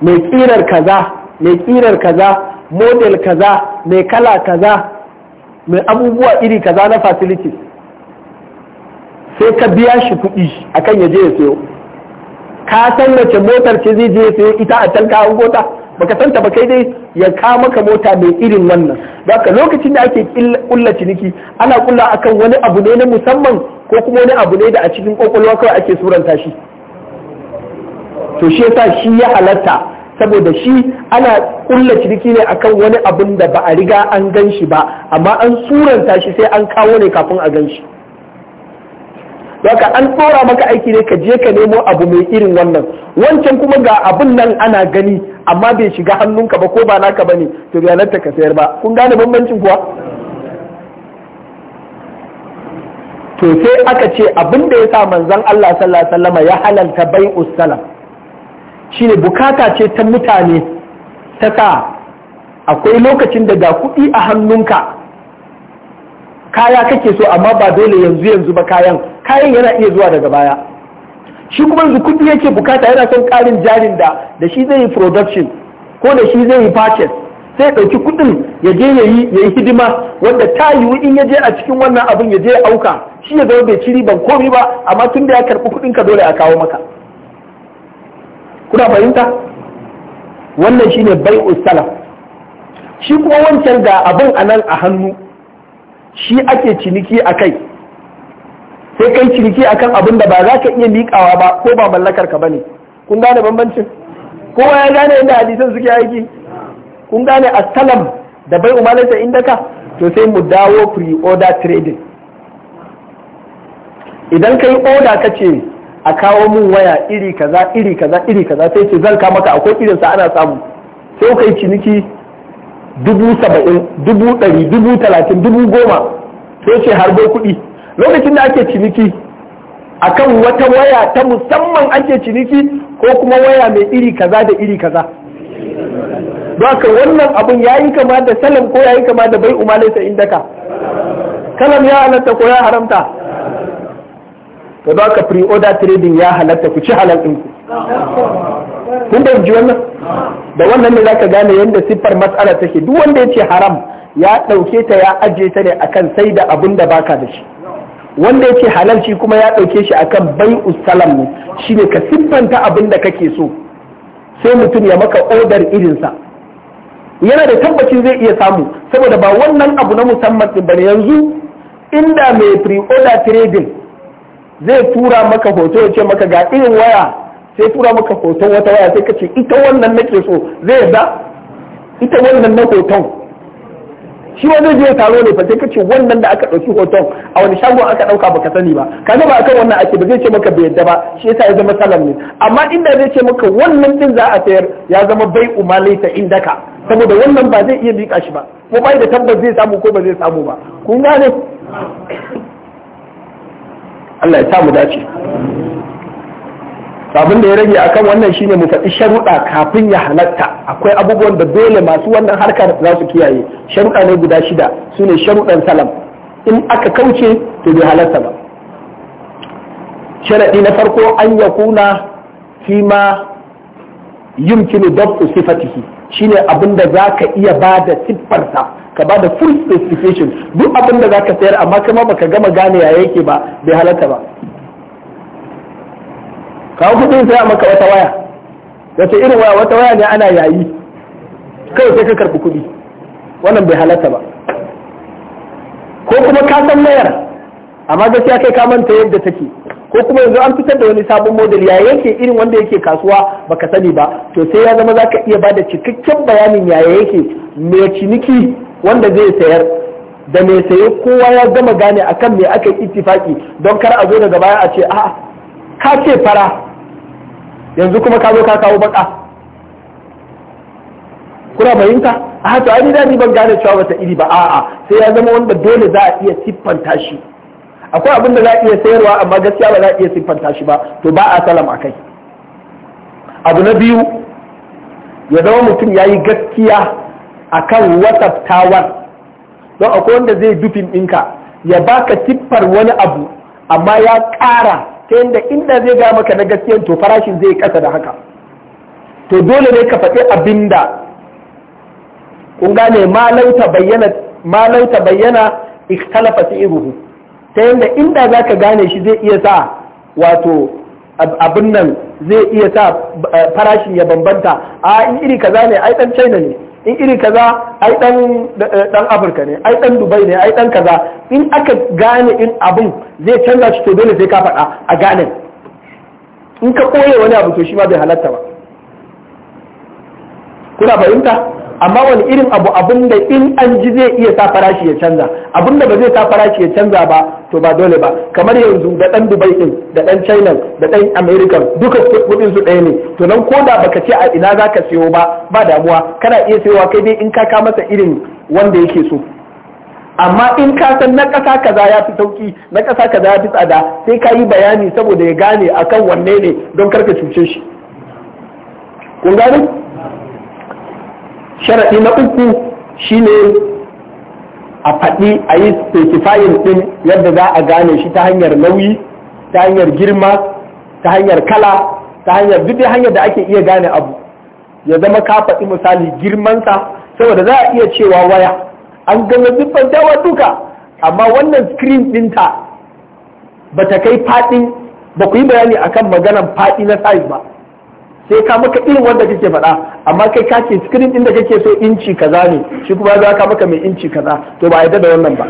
mai ƙirar kaza mai ƙirar kaza model kaza mai kala kaza mai abubuwa iri kaza na facilities sai ka biya shi kuɗi akan ya je ya sayo ka san wace motar ce zai je sai ita a can ka hango ta baka san ta ba kai dai ya ka maka mota mai irin wannan aka lokacin da ake kulla ciniki ana kulla akan wani abu ne na musamman ko kuma wani abu ne da a cikin kwakwalwa kawai ake suranta shi to shi yasa shi ya halatta saboda shi ana kulla ciniki ne akan wani abun da ba a riga an gan shi ba amma an suranta shi sai an kawo ne kafin a gan shi Daka an tsora maka aiki ne ka je ka nemo abu mai irin wannan wancan kuma ga abin nan ana gani amma bai shiga hannunka ba ko ba naka bane to bai ka sayar ba kun gane bambancin kuwa to sai aka ce abin da ya sa manzon Allah sallallahu ya halalta bai'us salam shine bukata ce ta mutane ta sa akwai lokacin da ga kuɗi a hannunka kaya kake so amma ba dole yanzu yanzu ba kayan kayan yana iya zuwa daga baya shi kuma yanzu kudi yake bukata yana son karin jarin da da shi zai yi production ko da shi zai yi purchase sai ɗauki kudin ya je ya yi hidima wanda ta yiwu in ya je a cikin wannan abin ya je ya auka shi ya zama bai ci riban komai ba amma tun da ya karɓi kudin ka dole a kawo maka kuna fahimta wannan shine bai'u salaf shi kuma wancan da abin anan a hannu shi ake ciniki a kai sai kai ciniki akan abin da ba za ka iya miƙawa ba ko ba mallakar ka bane kun gane bambancin kowa ya gane inda hadisan suke aiki kun gane asalam da bai umalarta inda ka to sai mu dawo pre-order trading idan ka yi order ka ce a kawo min waya iri kaza iri kaza iri kaza sai ce zan ka maka akwai irinsa ana samu sai kai ciniki dubu saba'in dubu ɗari dubu talatin dubu goma sai ce harbo kuɗi lokacin da ake ciniki akan wata waya ta musamman ake ciniki ko kuma waya mai iri kaza da iri kaza haka wannan abun ya yi kama da salam ko ya yi kama da bai inda indaka salam ya halatta ko ya haramta to ba ka pre-order trading ya halatta ku ci halal ɗinku kun da ji wannan da wannan ne zaka gane yadda siffar matsala take duk wanda ya ce haram ya ɗauke ta ya aje ta ne akan sai da abun da baka da shi wanda yace ce halal shi kuma ya ɗauke shi akan bai usalam ne shine ka siffanta abin da kake so sai mutum ya maka odar irinsa yana da tabbacin zai iya samu saboda ba wannan abu na musamman din bane yanzu inda mai pre-order trading zai tura maka hoto ya ce maka ga irin waya sai tura maka hoton wata waya sai ka ce ita wannan nake so zai yarda ita wannan na hoton shi ma zai je taro ne fa sai kace wannan da aka ɗauki hoton a wani shagon aka ɗauka baka sani ba ka ba akan wannan ake ba zai ce maka bai yadda ba shi yasa ya zama salam ne amma inda zai ce maka wannan din za a sayar ya zama bai umalaita indaka saboda wannan ba zai iya miƙa shi ba ko bai da tabbas zai samu ko ba zai samu ba kun gane Allah ya samu dace abin da ya rage akan wannan shine mu faɗi sharuɗa kafin ya halatta akwai abubuwan da dole masu wannan harkar za su kiyaye sharuɗa ne guda shida su ne sharuɗan salam in aka kauce to bai halatta ba sharaɗi na farko an ya kuna fi ma yumkinu dabu sifatihi ne abin da za ka iya ba da siffarsa ka ba da full specification duk abin da za ka sayar amma kama baka gama gane ya yake ba bai halatta ba kawo kuɗin sai a maka wata waya wace irin waya wata waya ne ana yayi kai sai ka karbi kuɗi wannan bai halatta ba ko kuma ka san mayar. amma gaskiya kai ka manta yadda take ko kuma yanzu an fitar da wani sabon model ya yake irin wanda yake kasuwa baka sani ba to sai ya zama zaka iya bada cikakken bayanin yaya yake mai ciniki wanda zai sayar da mai saye kowa ya gama gane akan me aka yi ittifaki don kar a zo daga baya a ce a'a ka ce fara yanzu kuma ka zo ka kawo baka kuna fahimta a to ai ni ban gane cewa ta iri ba a'a sai ya zama wanda dole za a iya siffanta shi akwai abin da za a iya sayarwa amma gaskiya ba za a iya siffanta shi ba to ba a salam akai abu na biyu ya zama mutum ya yi gaskiya akan tawar. don akwai wanda zai dufin ɗinka ya baka siffar wani abu amma ya ƙara ta yadda inda zai ga maka na gaskiyan to farashin zai kasa da haka to dole ne ka faɗi abin da kun gane malau ta bayyana ikhtalafa iruhu ta yadda inda za ka gane shi zai iya sa wato abin nan zai iya sa eh, farashin ya bambanta a in iri kaza ne ai dan china ne in iri kaza ai dan dan eh, afirka ne ai ɗan dubai ne ai dan kaza in aka gane in abin zai canza shi to dole sai ka faɗa a gane in ka koye wani abu to shi ma bai halatta ba kuna fahimta amma wani irin abu abin da in an ji zai iya sa farashi ya canza abun da ba zai sa farashi ya canza ba to ba dole ba kamar yanzu da dan dubai din da dan china da dan america duka kudin su ɗaya ne to nan ko da baka ce a ina zaka siyo ba ba damuwa kana iya siyowa kai dai in ka ka masa irin wanda yake so amma in ka san na ƙasa kaza ya fi sauki na ƙasa kaza ya fi tsada sai ka yi bayani saboda ya gane akan wanne ne don karka cuce shi kun gane sharaɗi na uku shi ne a faɗi a yi specifying ɗin yadda za a gane shi ta hanyar nauyi ta hanyar girma ta hanyar kala ta hanyar duk hanyar da ake iya gane abu ya zama ka faɗi misali girmansa saboda za a iya cewa waya an gano zuffan dawa duka amma wannan screen ɗinta ba ta kai faɗi. ba ku yi bayani akan maganan faɗi na size ba sai ka maka irin wanda kake faɗa amma kai ka ce screen inda kake so inci kaza ne shi kuma za ka maka mai inci kaza to ba yadda da wannan ba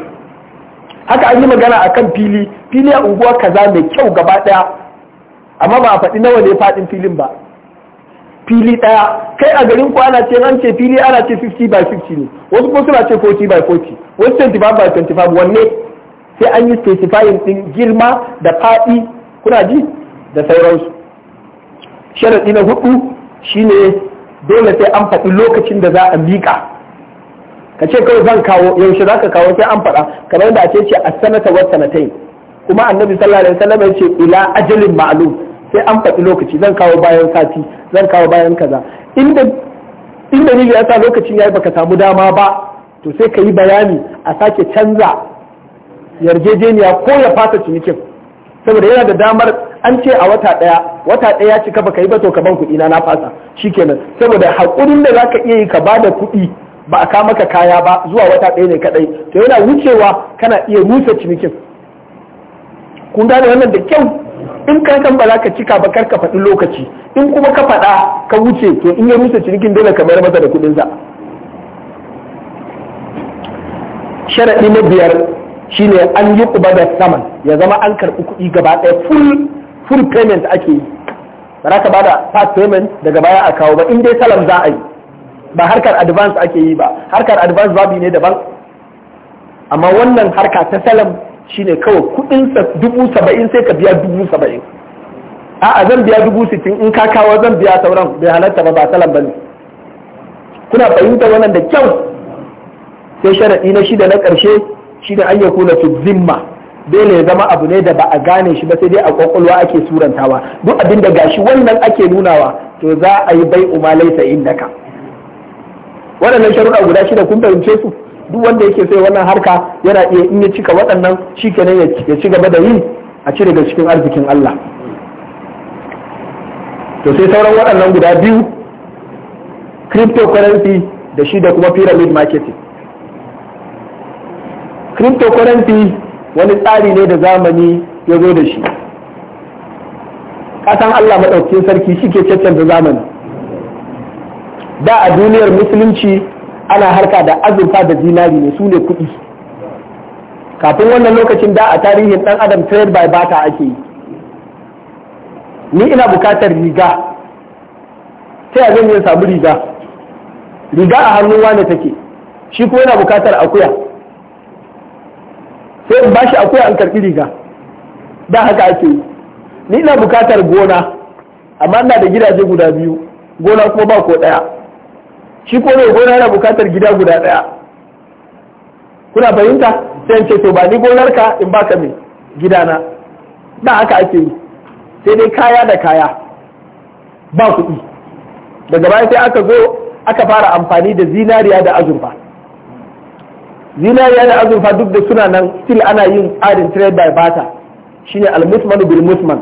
haka an yi magana akan fili fili a unguwa kaza mai kyau gaba daya. amma ba a faɗi nawa ne faɗin filin ba fili daya kai a garin ku ana ce an ce fili ana ce 50 by 50 ne wasu kuma suna ce 40 by 40 wasu 25 by 25 wanne sai an yi specifying din girma da faɗi kuna ji da sauransu sharaɗi na hudu shine dole sai an faɗi lokacin da za a miƙa ka ce kawai zan kawo yaushe za ka kawo sai an faɗa kamar da a ce a sanata wa sanatai kuma annabi sallallahu alaihi wasallam ya ce ila ajalin ma'lum sai an faɗi lokaci zan kawo bayan sati zan kawo bayan kaza inda inda ya sa lokacin yayi baka samu dama ba to sai ka yi bayani a sake canza yarjejeniya ko ya fasa cinikin saboda yana da damar an ce a wata ɗaya wata ɗaya cika ka yi ba to ka ban kuɗi na na fasa kenan. saboda haƙurin da zaka iya yi ka ba da kuɗi ba a ka maka kaya ba zuwa wata ɗaya ne kaɗai to yana wucewa kana iya rusa cinikin kun gane wannan da kyau in ka san ba za ka cika ba kar ka faɗi lokaci in kuma ka faɗa ka wuce to in ya rusa cinikin dole ka mayar masa da kuɗinsa sharaɗi na biyar shine an yi ƙuba da saman ya zama an karɓi kuɗi gaba ɗaya full full payment ake yi ba za ka bada part payment daga baya a kawo ba in dai salam za a yi ba harkar advance ake yi ba harkar advance babu ne daban amma wannan harka ta salam shine kawai kudin sa dubu saba'in sai ka biya dubu saba'in a'a zan biya dubu sittin in ka kawo zan biya sauran bai halatta ba ba salam ba ne kuna fahimta wannan da kyau sai sharaɗi na shida na ƙarshe shine an yakuna su zimma dole ya zama abu ne da ba a gane shi ba sai dai a kwakwalwa ake surantawa duk abin da gashi wannan ake nunawa to za a yi bai umma laisa indaka waɗannan sharuɗa guda shida kun fahimce su duk wanda yake sai wannan harka yana iya in ya cika waɗannan kenan ya ci gaba da yi a cire daga cikin arzikin Allah to sai sauran waɗannan guda biyu cryptocurrency da shi da kuma pyramid marketing cryptocurrency wani tsari ne da zamani ya zo da shi ƙasan Allah maɗaukakin sarki shi ke cancanta zamani da a duniyar musulunci ana harka da azurfa da zinari ne su ne kuɗi kafin wannan lokacin da a tarihin ɗan adam trade by bata ake yi ni ina bukatar riga ta yanzu zan samu riga riga a hannun wane take shi kuma yana bukatar akuya sai in bashi akwai an karɓi riga da haka ake ni ina bukatar gona amma ina da gidaje guda biyu gona kuma ba ko ɗaya shi ko mai gona yana bukatar gida guda ɗaya kuna fahimta sai in ce to ba ni gonar ka in baka mai gidana da haka ake yi sai dai kaya da kaya ba kuɗi daga baya sai aka zo aka fara amfani da zinariya da azurfa zinariya da azurfa duk da suna nan still ana yin tsarin trade by barter shine al-musman bil musman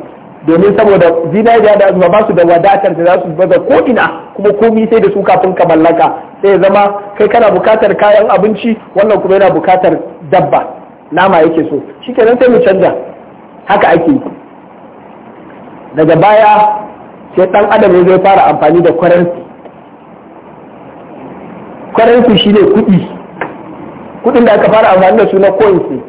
domin saboda zinariya da azurfa ba su da wadatar da za su baza ko ina kuma komi sai da su kafin ka mallaka sai ya zama kai kana bukatar kayan abinci wannan kuma yana bukatar dabba nama yake so shi shikenan sai mu canja haka ake yi daga baya sai dan adam ya zai fara amfani da currency currency shine kuɗi kudin da aka fara amfani da su na coins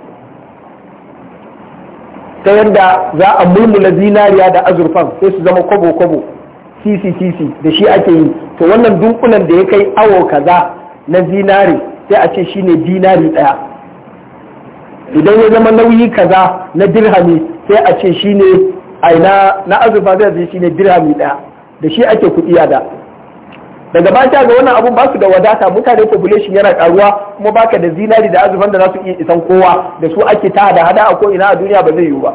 ta yadda za a mulmula zinariya da azurfan sai su zama kwabo kwabo sisi da shi ake yi to wannan dunkunan da ya kai awo kaza na zinari sai a ce shi ne dinari daya idan ya zama nauyi kaza na dirhami sai a ce ne aina na azurfa zai zai ne dirhami daya da shi ake kuɗi da daga baya ga wannan abun basu da wadata mutane population yana karuwa kuma baka da zinari da azuman da za su iya isan kowa da su ake ta da hada a ko ina a duniya ba zai yiwu ba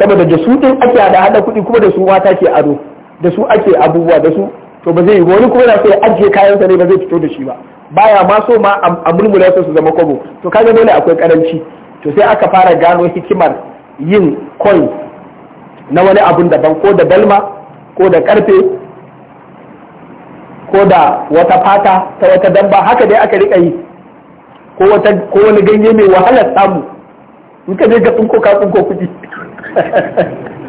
saboda da su din ake da hada kuɗi kuma da su mata ke ado da su ake abubuwa da su to ba zai yi wani kuma na so ya ajiye sa ne ba zai fito da shi ba baya ma so ma a mulmula su zama kwabo to kaga dole akwai karanci to sai aka fara gano hikimar yin coin na wani abun daban ko da dalma ko da karfe ko da wata fata ta wata damba haka dai aka rika yi ko wani ganye mai wahalar samu in ka je tsinko ka tsinko kuɗi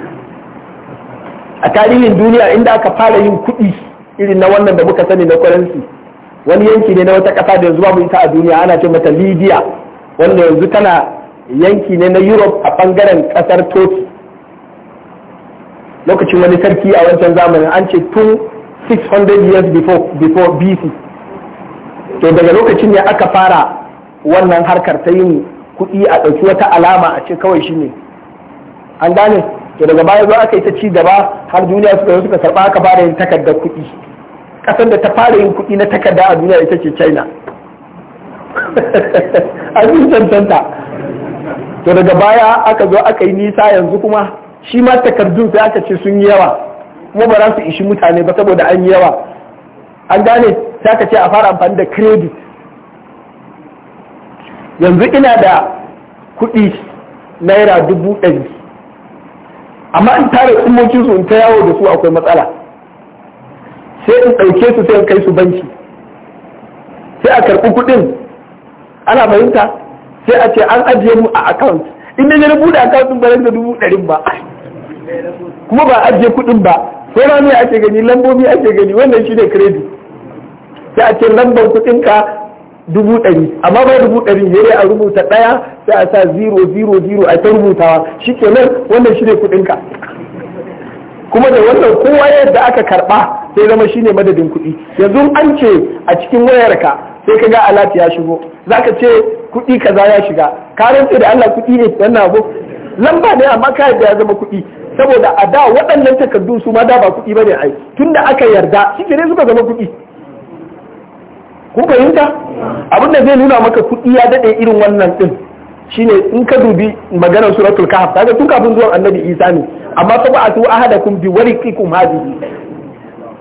a tarihin duniya inda aka fara yin kuɗi irin na wannan da muka sani na kwaransi wani yanki ne na wata ƙasa da yanzu babu ita a duniya ana ce mata libya wanda yanzu tana yanki ne na europe a bangaren ƙasar turkey lokacin wani sarki a wancan zamanin an ce tun 600 years before before BC to daga lokacin ne aka fara wannan harkar ta yin kuɗi a ɗauki wata alama a ce kawai shi ne an gane to daga baya zuwa aka yi ta ci gaba har duniya suka suka karɓa aka fara yin takardar kuɗi ƙasar da ta fara yin kuɗi na takarda a duniya ita ce China abin cancanta to daga baya aka zo aka yi nisa yanzu kuma shi ma takardun sai aka ce sun yi yawa kuma ba za su ishi mutane ba saboda an yi yawa an gane ta ka ce a fara amfani da credit yanzu ina da kuɗi naira dubu ɗari amma in tare tsumokin su in ta yawo da su akwai matsala sai in ɗauke su sai in kai su banki sai a karɓi kuɗin ana fahimta sai a ce an ajiye mu a account in na rubuta account ba ba da dubu ɗarin ba kuma ba ajiye kuɗin ba ko rami ake gani lambobi ake gani wannan shi ne credit sai a ce lambar kuɗin ka dubu ɗari amma ba dubu ɗari ne a rubuta ɗaya sai a sa zero zero zero a ta rubutawa shi nan wannan shi ne kuɗin ka kuma da wannan kowa yadda aka karɓa sai zama shi ne madadin kuɗi yanzu an ce a cikin wayarka sai ka ga alat ya shigo zaka ce kuɗi kaza ya shiga ka rantse da Allah kuɗi ne wannan abu lamba ne amma ka yadda ya zama kuɗi saboda a da waɗannan takardun su ma da ba kuɗi bane ai tunda aka yarda shi ne suka zama kuɗi ku fahimta abin da zai nuna maka kuɗi ya daɗe irin wannan ɗin shine in ka dubi maganar suratul kahf kaga tun kafin zuwan annabi isa ne amma fa ba'atu ahadakum bi haɗi a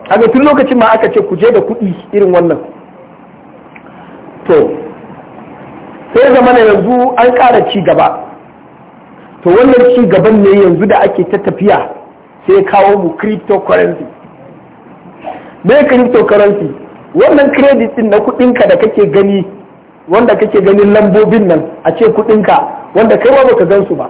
kaga tun lokacin ma aka ce ku je da kuɗi irin wannan to sai zamana yanzu an ƙara ci gaba to wannan ci gaban ne yanzu da ake ta tafiya sai kawo mu cryptocurrency me cryptocurrency wannan credit din na kudinka da kake gani wanda kake ganin lambobin nan a ce kudinka wanda kai ba ka gan ba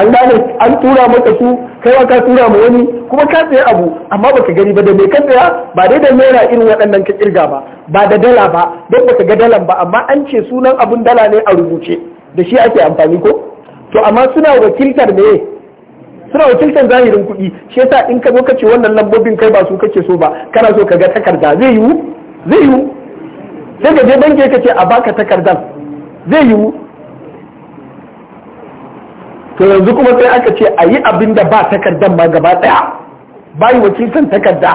an gane an tura maka su kai ka tura ma wani kuma ka tsaye abu amma baka gani ba da me ka tsaya ba dai da naira irin waɗannan ka kirga ba ba da dala ba don baka ga dalan ba amma an ce sunan abun dala ne a rubuce da shi ake amfani ko to amma suna wakiltar me suna wakiltar zahirin kuɗi shi yasa in ka zo ka ce wannan lambobin kai ba su kake so ba kana so ka ga takarda zai yiwu zai yiwu sai ka je banki ka ce a baka takardan. zai yiwu to yanzu kuma sai aka ce a yi abin da ba takardar ma gaba ɗaya bayi wakiltar takarda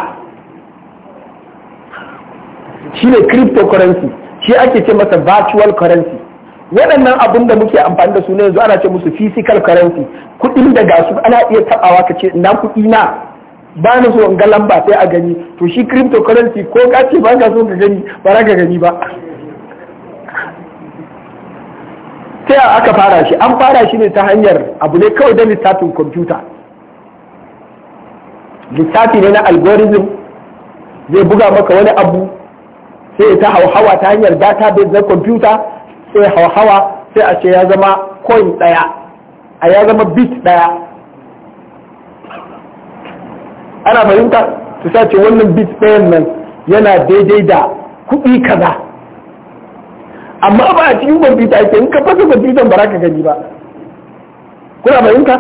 shi ne cryptocurrency shi ake ce masa virtual currency waɗannan abin da muke amfani da su ne yanzu ana ce musu physical currency kuɗin da gasu ana iya taɓawa ka ce na kuɗi na ba na so in ga lamba sai a gani to shi cryptocurrency ko ka ce ba ka so ka gani ba za ka gani ba ta aka fara shi an fara shi ne ta hanyar abu ne kawai da littafin kwamfuta littafi ne na algorithm zai buga maka wani abu sai ta hauhawa ta hanyar database na kwamfuta sai hauhawa sai a ce ya zama coin ɗaya a ya zama bit ɗaya ana fahimta su sace wannan bit ɗayan nan yana daidai da kuɗi kaza amma ba a cikin kwamfuta ake in ka fasa kwamfutan ba za ka gani ba kuna fahimta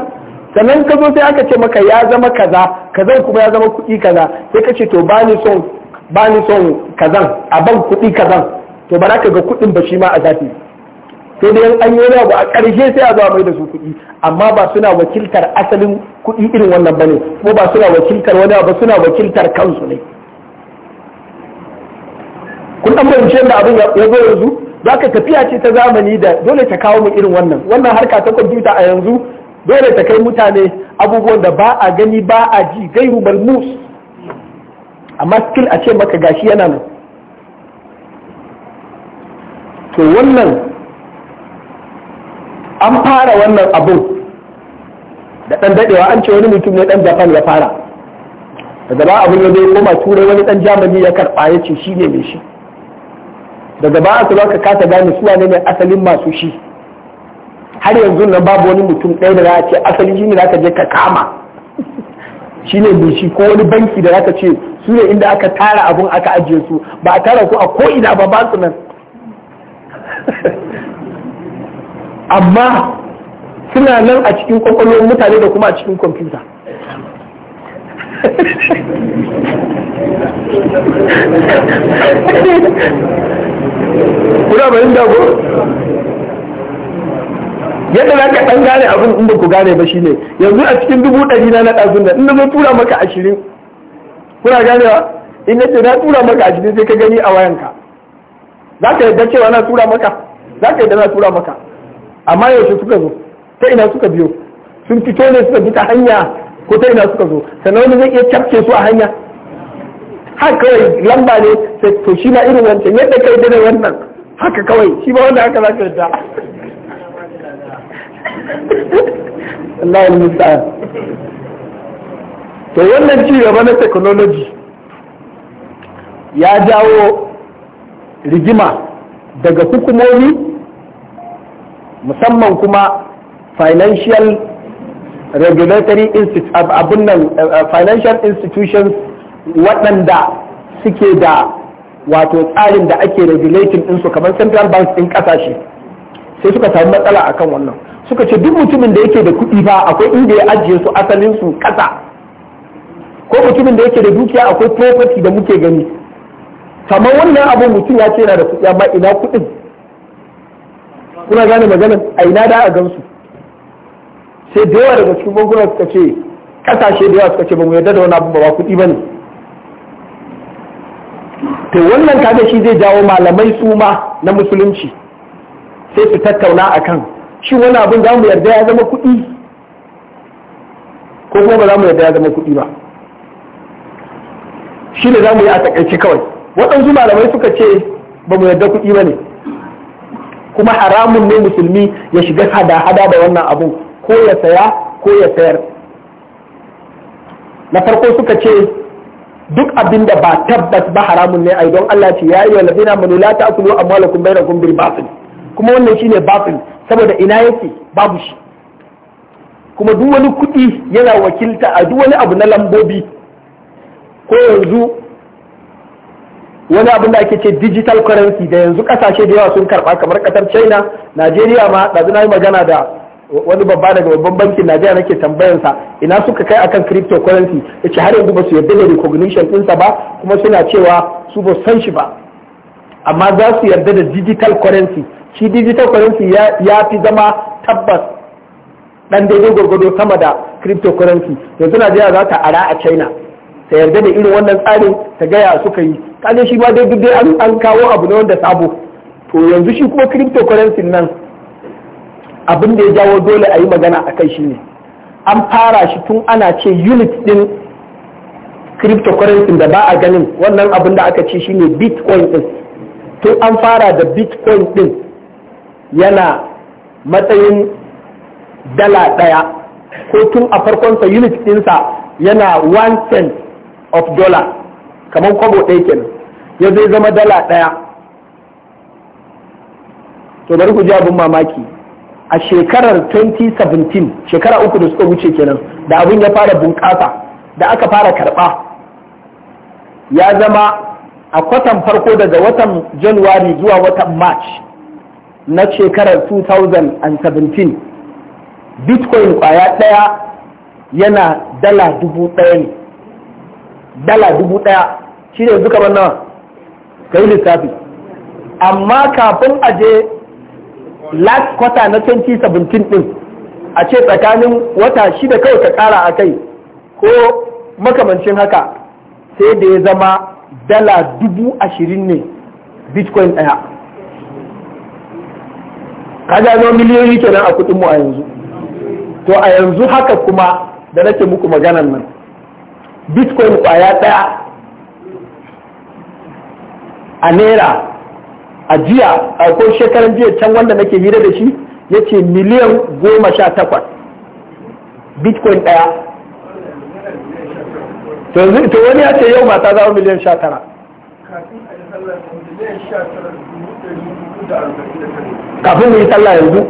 sannan ka zo sai aka ce maka ya zama kaza kazan kuma ya zama kuɗi kaza sai ka ce to ba ni son ba ni son kazan a ban kuɗi kazan to ba za ka ga kuɗin ba shi ma a zafi sai dai an yi wani abu a ƙarshe sai a zuwa mai da su kuɗi amma ba suna wakiltar asalin kuɗi irin wannan bane ko ba suna wakiltar wani abu suna wakiltar kansu ne kun dan bayyance da abin ya zo yanzu za ka tafiya ce ta zamani da dole ta kawo mu irin wannan wannan harka ta kwamfuta a yanzu dole ta kai mutane abubuwan da ba a gani ba a ji gairu malmus amma skill a ce maka gashi yana nan to wannan an fara wannan abun da ɗan daɗewa an ce wani mutum ne ɗan japan ya fara daga ba abin da zai koma turai wani ɗan jamani ya karɓa ya ce shi ne mai shi daga ba aka ka kasa gane suwa ne mai asalin masu shi har yanzu nan babu wani mutum ɗaya da za a ce asali shi ne za ka je ka kama shi ne mai shi ko wani banki da za ka ce su ne inda aka tara abin aka ajiye su ba a tara ku a ko ina ba ba su nan amma suna nan a cikin kwakwalwar mutane da kuma a cikin kwamfuta kuna bayan dago yadda za ka ɗan gane abin inda ku gane ba shine yanzu a cikin dubu ɗari na ɗazun nan inda zai tura maka ashirin kuna ganewa inda ce na tura maka ashirin sai ka gani a wayanka za ka yadda cewa na tura maka za ka yadda na tura maka amma yaushe suka zo ta ina suka biyo sun fito ne suka fita hanya ko ta ina suka zo sannan wani zai iya cafke su a hanya haka kawai lamba ne sai to shi ma irin wancan yadda kai da wannan haka kawai shi ba wanda haka za ka yadda Allah musta'an to wannan ci gaba na technology ya jawo rigima daga hukumomi musamman kuma financial regulatory eh, eh, financial institutions waɗanda suke da wato tsarin da ake regulating ɗinsu kamar central bank ɗin ƙasashe sai suka samu matsala akan wannan suka ce duk mutumin da yake da kuɗi ba akwai inda ya ajiye su asalin su ƙasa ko mutumin da yake da dukiya akwai property da muke gani kamar wannan abin mutum ya ce yana da kuɗi amma ina kuɗin kuna gane maganar a ina da a gansu sai da yawa daga cikin bankuna suka ce kasashe da yawa suka ce ba mu yarda da wani abu ba kuɗi ba ne to wannan kaga shi zai jawo malamai su ma na musulunci sai su tattauna a kan. shi wani abin za mu yarda ya zama kuɗi ko kuma ba za mu yarda ya zama kuɗi ba shi ne za mu yi a takaice kawai waɗansu malamai suka ce ba mu yarda kuɗi ba ne kuma haramun ne musulmi ya shiga hada-hada da wannan abun ko ya saya ko ya sayar na farko suka ce duk abin da ba tabbas ba haramun ne ai don Allah ce ya yi wa labina manu la ta'kulu amwalakum bainakum bil batil kuma wannan shine batil saboda ina yake babu shi kuma duk wani kuɗi yana wakilta a duk wani abu na lambobi ko yanzu wani abin da ake ce digital currency da yanzu kasashe da yawa sun karba kamar kasar china najeriya ma ɗazu na yi magana da wani babba daga babban bankin najeriya nake tambayansa ina suka kai akan cryptocurrency da ce har yanzu ba su yarda da recognition ɗinsa ba kuma suna cewa su ba san shi ba amma za su yarda da digital currency shi digital currency ya fi zama tabbas dan daidai gwargwado sama da cryptocurrency yanzu najeriya za ta ara a china ta yarda da irin wannan tsarin ta gaya suka yi kaje shi ba dai duk dai an kawo abu na wanda sabo to yanzu shi kuma cryptocurrency nan abin da ya jawo dole a yi magana a kai shi ne an fara shi tun ana ce unit din cryptocurrency da ba a ganin wannan abin da aka ce shine ne bitcoin din tun an fara da bitcoin din yana matsayin dala daya ko tun a farkonsa unit ɗinsa yana one cent of dollar kamar kwabo ɗaya kenan ya zai zama dala ɗaya to bari ku ji abin mamaki a shekarar 2017 shekara uku da suka wuce kenan da abin ya fara bunƙasa da aka fara karɓa ya zama a kwatan farko daga watan januwari zuwa watan march na shekarar 2017 bitcoin kwaya ɗaya yana dala dubu ɗaya ne dala dubu ɗaya shi ne zuka nawa kai lissafi amma kafin a je last kwata na 2017 din a ce tsakanin wata shida kawai ka kara a kai ko makamancin haka sai da ya zama dala dubu ashirin ne bitcoin ɗaya ka gano miliyoyi kenan a kuɗin mu a yanzu to a yanzu haka kuma da nake muku maganan nan bitcoin kwaya ɗaya a naira a jiya a ko shekaran jiya can wanda nake hira da shi ya ce miliyan goma sha takwas bitcoin ɗaya to wani ya ce yau mata zama miliyan sha tara kafin mu yi sallah yanzu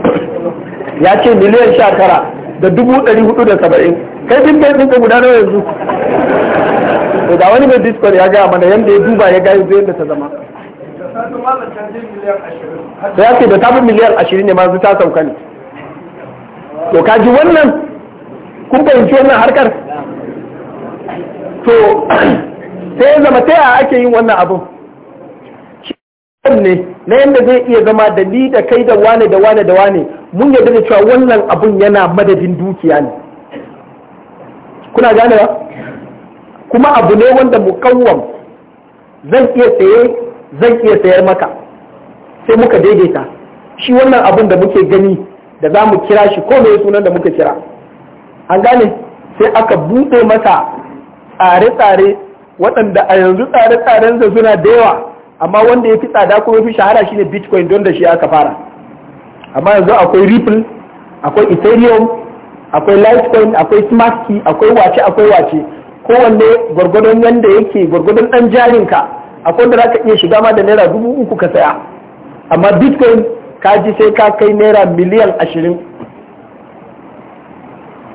ya ce miliyan sha tara da dubu ɗari hudu da saba'in kai din bai ɗin ka guda nawa yanzu to da wani mai diskon ya gaya mana yadda ya duba ya gaya zai yadda ta zama da ya ce da tafi miliyan ashirin ne ma su ta sauka ne to kaji wannan kun fahimci wannan harkar to sai ya zama ta yaya ake yin wannan abin ne na yadda zai iya zama da ni da kai da wane da wane da wane mun yadda da cewa wannan abun yana madadin dukiya ne kuna gane ba kuma abu ne wanda mukawwam zan iya saye zan iya sayar maka sai muka daidaita shi wannan abun da muke gani da za mu kira shi ko mai sunan da muka kira an gane sai aka buɗe masa tsare-tsare waɗanda a yanzu tsare-tsaren suna da yawa amma wanda ya fi tsada kuma ya fi shahara shine bitcoin don da shi aka fara amma yanzu akwai ripple akwai ethereum akwai litecoin akwai smart key akwai wace akwai wace kowanne gwargwadon yanda yake gwargwadon dan jarinka akwai da ka iya shiga ma da naira dubu uku ka saya amma bitcoin ka ji sai ka kai naira miliyan ashirin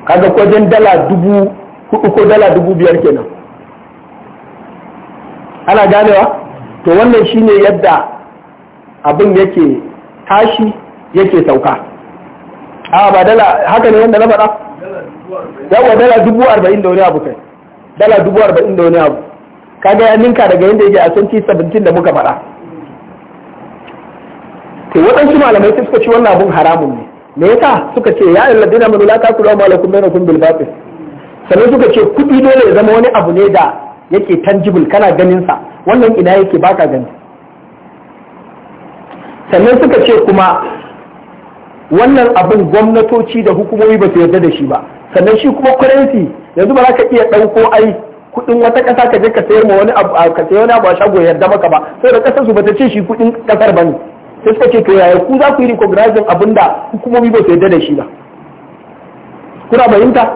kaga kwajen dala dubu hudu ko dala dubu biyar kenan ana ganewa to wannan shine yadda abin yake tashi yake sauka a ba dala haka ne yadda na faɗa yawa dala dubu arba'in da wani abu kai dala dubu arba'in da wani abu kaga ya ninka daga yadda yake a santi sabbin da muka faɗa to waɗansu malamai suka ci wannan abun haramun ne me yasa suka ce ya ayyuhal ladina amanu la taqulu amalakum bainakum bil batil sannan suka ce kuɗi dole ya zama wani abu ne da yake tangible kana ganin sa wannan ina yake baka gani sannan suka ce kuma wannan abin gwamnatoci da hukumomi ba su yarda da shi ba sannan shi kuma currency yanzu ba za ka iya ɗauko ai kuɗin wata ƙasa ka je ka sayar ma wani abu ka sayar wani abu a shago yarda maka ba sai da ƙasar su ba ta ce shi kuɗin ƙasar ba ne sai suka ce to yaya ku za ku yi recognizing abin da hukumomi ba su yarda da shi ba kuna bayinta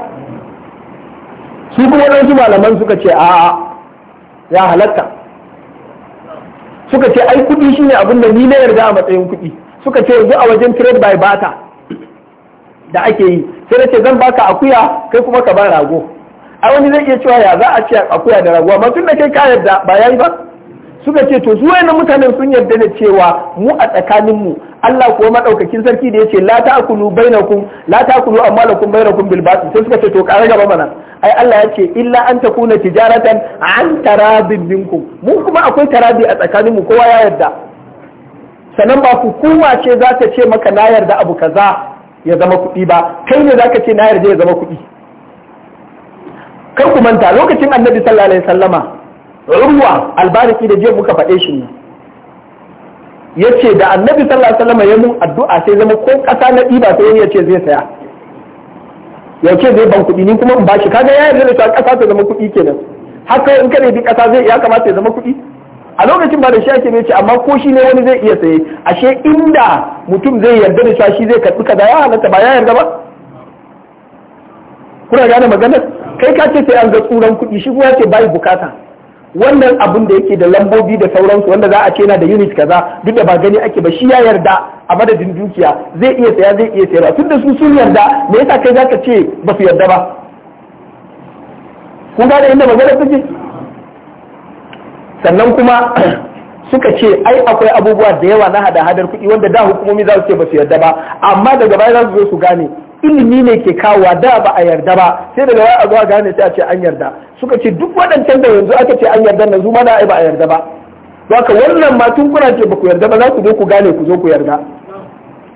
su kuma wani malaman suka ce a'a ya halatta suka ce ai kuɗi shine abin da ni na yarda a matsayin kuɗi suka ce yanzu a wajen trade by barter da ake yi sai na ce zan baka akuya kai kuma ka ba rago a wani zai iya cewa ya za a ce akuya da rago amma tun da kai ka yarda ba yi ba suka ce to su wayannan mutanen sun yarda da cewa mu a tsakanin mu Allah kuwa madaukakin sarki da yace la ta'kulu bainakum la ta'kulu amalakum bainakum bil batil sai suka ce to kare gaba mana ai Allah ya ce illa an takuna tijaratan an taradin minkum mu kuma akwai taradi a tsakanin mu kowa ya yarda sannan ba hukuma ce za ta ce maka na yarda abu kaza ya zama kuɗi ba kai ne zaka ce na yarda ya zama kuɗi kar ku manta lokacin annabi sallallahu alaihi wasallama ruwa albariki da jiya muka faɗe shi ne Ya ce da annabi sallallahu alaihi wasallam ya mun addu'a sai zama ko ƙasa na ɗiba sai ya ce zai saya ya ce zai ban kuɗi ni kuma in bashi kaga ya yarda da a ƙasa ta zama kuɗi kenan haka in ka bi ƙasa zai ya kamata ya zama kuɗi a lokacin ba da shi ake ce amma ko shi ne wani zai iya saye ashe inda mutum zai yarda da shi zai karɓi kaza ya halatta ba ya yarda ba kuna gane maganar kai ka ce sai an ga tsuran kuɗi shi kuma ce bai bukata wannan abun da yake da lambobi da sauransu wanda za a ce yana da unit kaza duk da ba gani ake ba shi ya yarda a madadin dukiya zai iya saya zai iya sayarwa tun da su sun yarda me yasa kai zaka ce ba su yarda ba kun gane inda ba magana take sannan kuma suka ce ai akwai abubuwa da yawa na hada hadar kuɗi wanda da hukumomi za su ce ba su yarda ba amma daga baya za su zo su gane ilimi ne ke kawowa da ba a yarda ba sai daga waya a zuwa gane sai a ce an yarda suka ce duk waɗancan da yanzu aka ce an yarda na zuma da ai ba a yarda ba haka wannan ma tun kuna ce ba ku yarda ba za ku zo ku gane ku zo ku yarda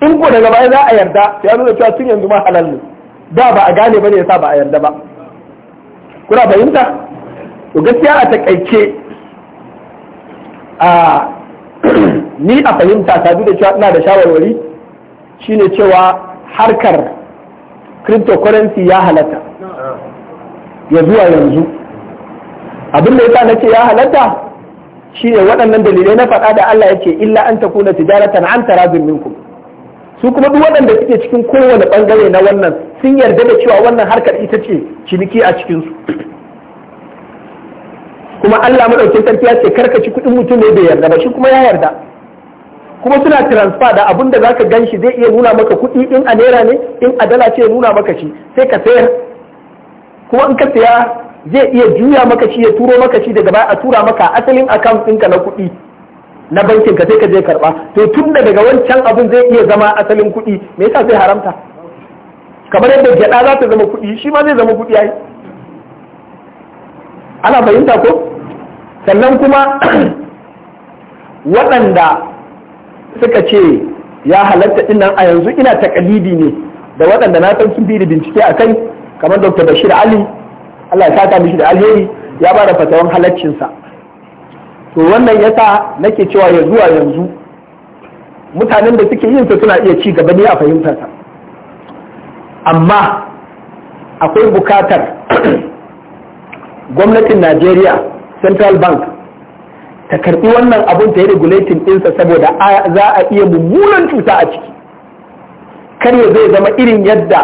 in ku daga baya za a yarda ya nuna cewa tun yanzu ma halal ne da ba a gane ba ne yasa ba a yarda ba kuna fahimta to gaskiya a takaice a ni a fahimta ta duk da cewa ina da shawarwari shine cewa harkar cryptocurrency ya halatta ya zuwa yanzu abin da yasa nace ya halatta shine waɗannan dalilai na faɗa da Allah yake illa an takuna tijaratan an tarazin minkum su kuma duk waɗanda suke cikin kowane ɓangare na wannan sun yarda da cewa wannan harkar ita ce ciniki a cikinsu kuma Allah maɗaukin sarki ya ce karkaci kuɗin mutum ne bai yarda ba shi kuma ya yarda kuma suna transfer da abin da zaka gan shi zai iya nuna maka kuɗi in a naira ne in a dala ce nuna maka shi sai ka sayar kuma in ka saya zai iya juya maka shi ya turo maka shi daga baya a tura maka asalin account ɗinka na kuɗi na bankin ka sai ka je karba to tun da daga wancan abin zai iya zama asalin kuɗi me yasa zai haramta kamar yadda gyaɗa za ta zama kuɗi shi ma zai zama kuɗi ai ana fahimta ko sannan kuma waɗanda suka ce ya halatta dinnan a yanzu ina takalidi ne da waɗanda na san sun bi da bincike a kai kamar dr bashir ali allah ya saka mishi da alheri ya ba da fatawan halaccinsa to wannan yasa nake cewa ya zuwa yanzu mutanen da suke yin sa suna iya ci gaba ne a fahimtarsa amma akwai bukatar gwamnatin najeriya central bank ta karbi wannan abun ta yi regulating ɗinsa saboda za a iya mummunan cuta a ciki kar ya zai zama irin yadda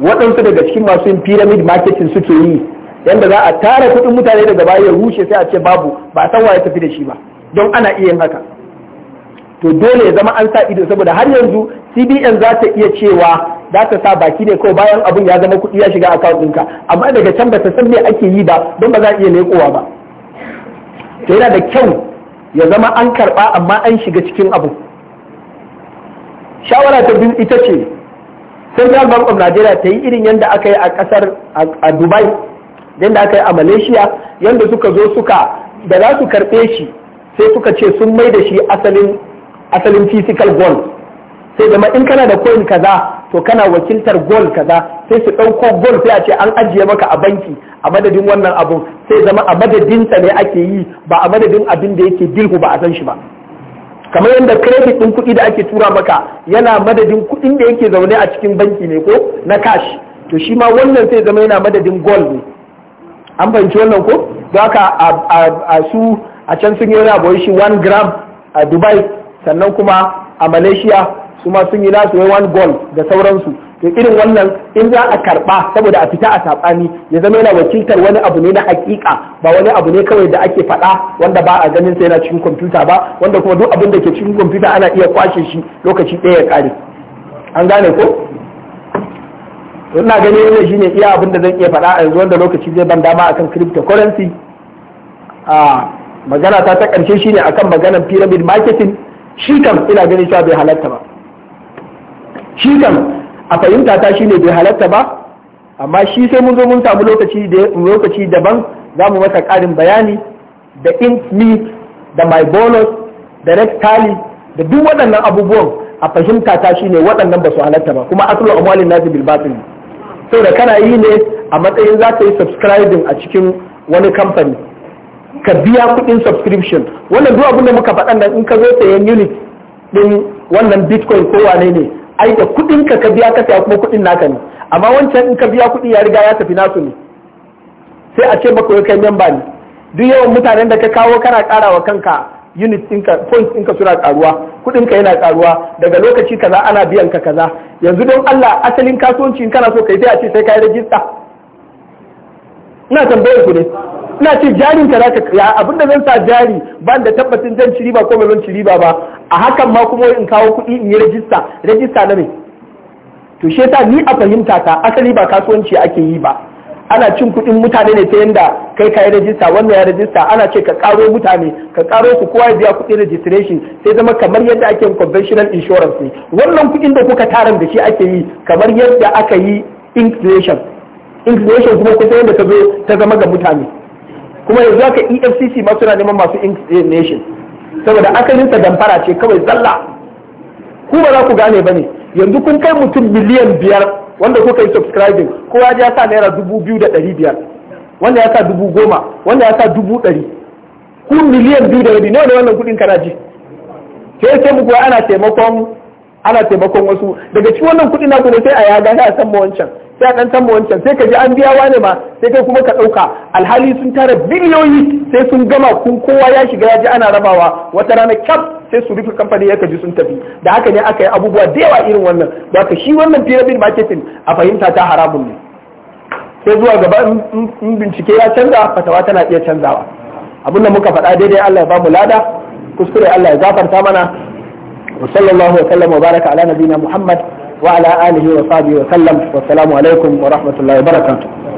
waɗansu daga cikin masu yin pyramid marketing suke yi yadda za a tara kuɗin mutane daga baya ya rushe sai a ce babu ba san waye tafi da shi ba don ana iya yin haka to dole ya zama an sa ido saboda har yanzu CBN za ta iya cewa za ta sa baki ne ko bayan abun ya zama kuɗi ya shiga account ɗinka amma daga can ba ta san me ake yi ba don ba za a iya leƙowa ba to yana da kyau ya zama an karɓa amma an shiga cikin abu shawara ta biyu ita ce central bank of nigeria ta yi irin yadda aka yi a ƙasar a dubai yadda aka yi a malaysia yadda suka zo suka da za su karɓe shi sai suka ce sun mai da shi asalin asalin physical gold sai zama in kana da coin kaza to kana wakiltar gol kaza sai su ɗauko gol sai a ce an ajiye maka a banki a madadin wannan abun sai zama a madadinsa ne ake yi ba a madadin abin da yake dilhu ba a san shi ba kamar yadda credit ɗin kuɗi da ake tura maka yana madadin kuɗin da yake zaune a cikin banki ne ko na cash to shi ma wannan sai zama yana madadin gol ne an fahimci wannan ko za ka a su a can sun yi wani abu shi 1 gram a dubai sannan kuma a malaysia su ma sun yi nasu yi one goal da sauransu to irin wannan in za a karba saboda a fita a sabani ya zama yana wakiltar wani abu ne na hakika ba wani abu ne kawai da ake faɗa wanda ba a ganin sa yana cikin kwamfuta ba wanda kuma duk abin da ke cikin kwamfuta ana iya kwashe shi lokaci ɗaya ya kare an gane ko ina ganin wannan shine iya abin da zan iya faɗa a yanzu wanda lokaci zai ban dama akan cryptocurrency a magana ta ta ƙarshe shine akan maganar pyramid marketing shi kam ina ganin cewa bai halatta ba shi kan a fahimta ta shi ne bai halatta ba amma shi sai mun zo mun samu lokaci lokaci daban za mu masa ƙarin bayani da ink meat da my bonus da red tally da duk waɗannan abubuwan a fahimta ta shi ne waɗannan ba su halatta ba kuma asulul amalin nasi bil da saboda kana yi ne a matsayin za ka yi subscribing a cikin wani kamfani ka biya kuɗin subscription wannan duk abin da muka faɗan nan in ka zo sayan unit din wannan bitcoin ko wane ne ai da kuɗin ka ka biya ka kuma kuɗin naka ne amma wancan in ka biya kuɗi ya riga ya tafi nasu ne sai a ce maka kai memba ne duk yawan mutanen da ka kawo kana karawa kanka unit ɗinka points ɗinka suna karuwa kuɗin ka yana karuwa daga lokaci kaza ana biyan ka kaza yanzu don Allah asalin kasuwanci in kana so kai sai a ce sai ka yi rajista ina tambayar ku ne ina ce jarin ka zaka ya abinda zan sa jari ban da tabbacin zan ci riba ko ba zan ci ba a hakan ma kuma in kawo kuɗi in yi rajista rajista na me to shi yasa ni a fahimta ta asali ba kasuwanci ake yi ba ana cin kuɗin mutane ne ta yanda kai ka yi rajista wannan ya rajista ana ce ka karo mutane ka karo su kowa ya biya kuɗin registration sai zama kamar yadda ake yin conventional insurance ne wannan kuɗin da kuka tarin da shi ake yi kamar yadda aka yi inflation inflation kuma kusa yadda ta zo ta zama ga mutane kuma yanzu haka efcc ma suna neman masu eh, nation saboda asalinsa damfara ce kawai zalla ku ba za ku gane ba ne yanzu kun kai mutum miliyan biyar wanda kuka yi subscribing kowa ya sa naira dubu biyu da ɗari biyar wanda ya sa dubu goma wanda ya sa dubu ɗari ku miliyan biyu da rabi nawa ne wannan kuɗin kana ji ke sai muku ana taimakon ana taimakon wasu daga cikin wannan kuɗi na kuma sai a yaga sai a san wancan sai a ɗan tamba wancan sai ka ji an biya ne ma sai kai kuma ka ɗauka alhali sun tara biliyoyi sai sun gama kun kowa ya shiga ya ji ana rabawa wata rana kyaf sai su rufe kamfani ya kaji sun tafi da haka ne aka yi abubuwa da yawa irin wannan da ka shi wannan pyramid marketing a fahimta ta haramun ne sai zuwa gaba in bincike ya canza fatawa tana iya canzawa abinda muka faɗa daidai Allah ya bamu lada kuskure Allah ya gafarta mana وصلى sallallahu وسلم وبارك wa baraka محمد وعلى آله وصحبه وسلم والسلام عليكم ورحمة الله وبركاته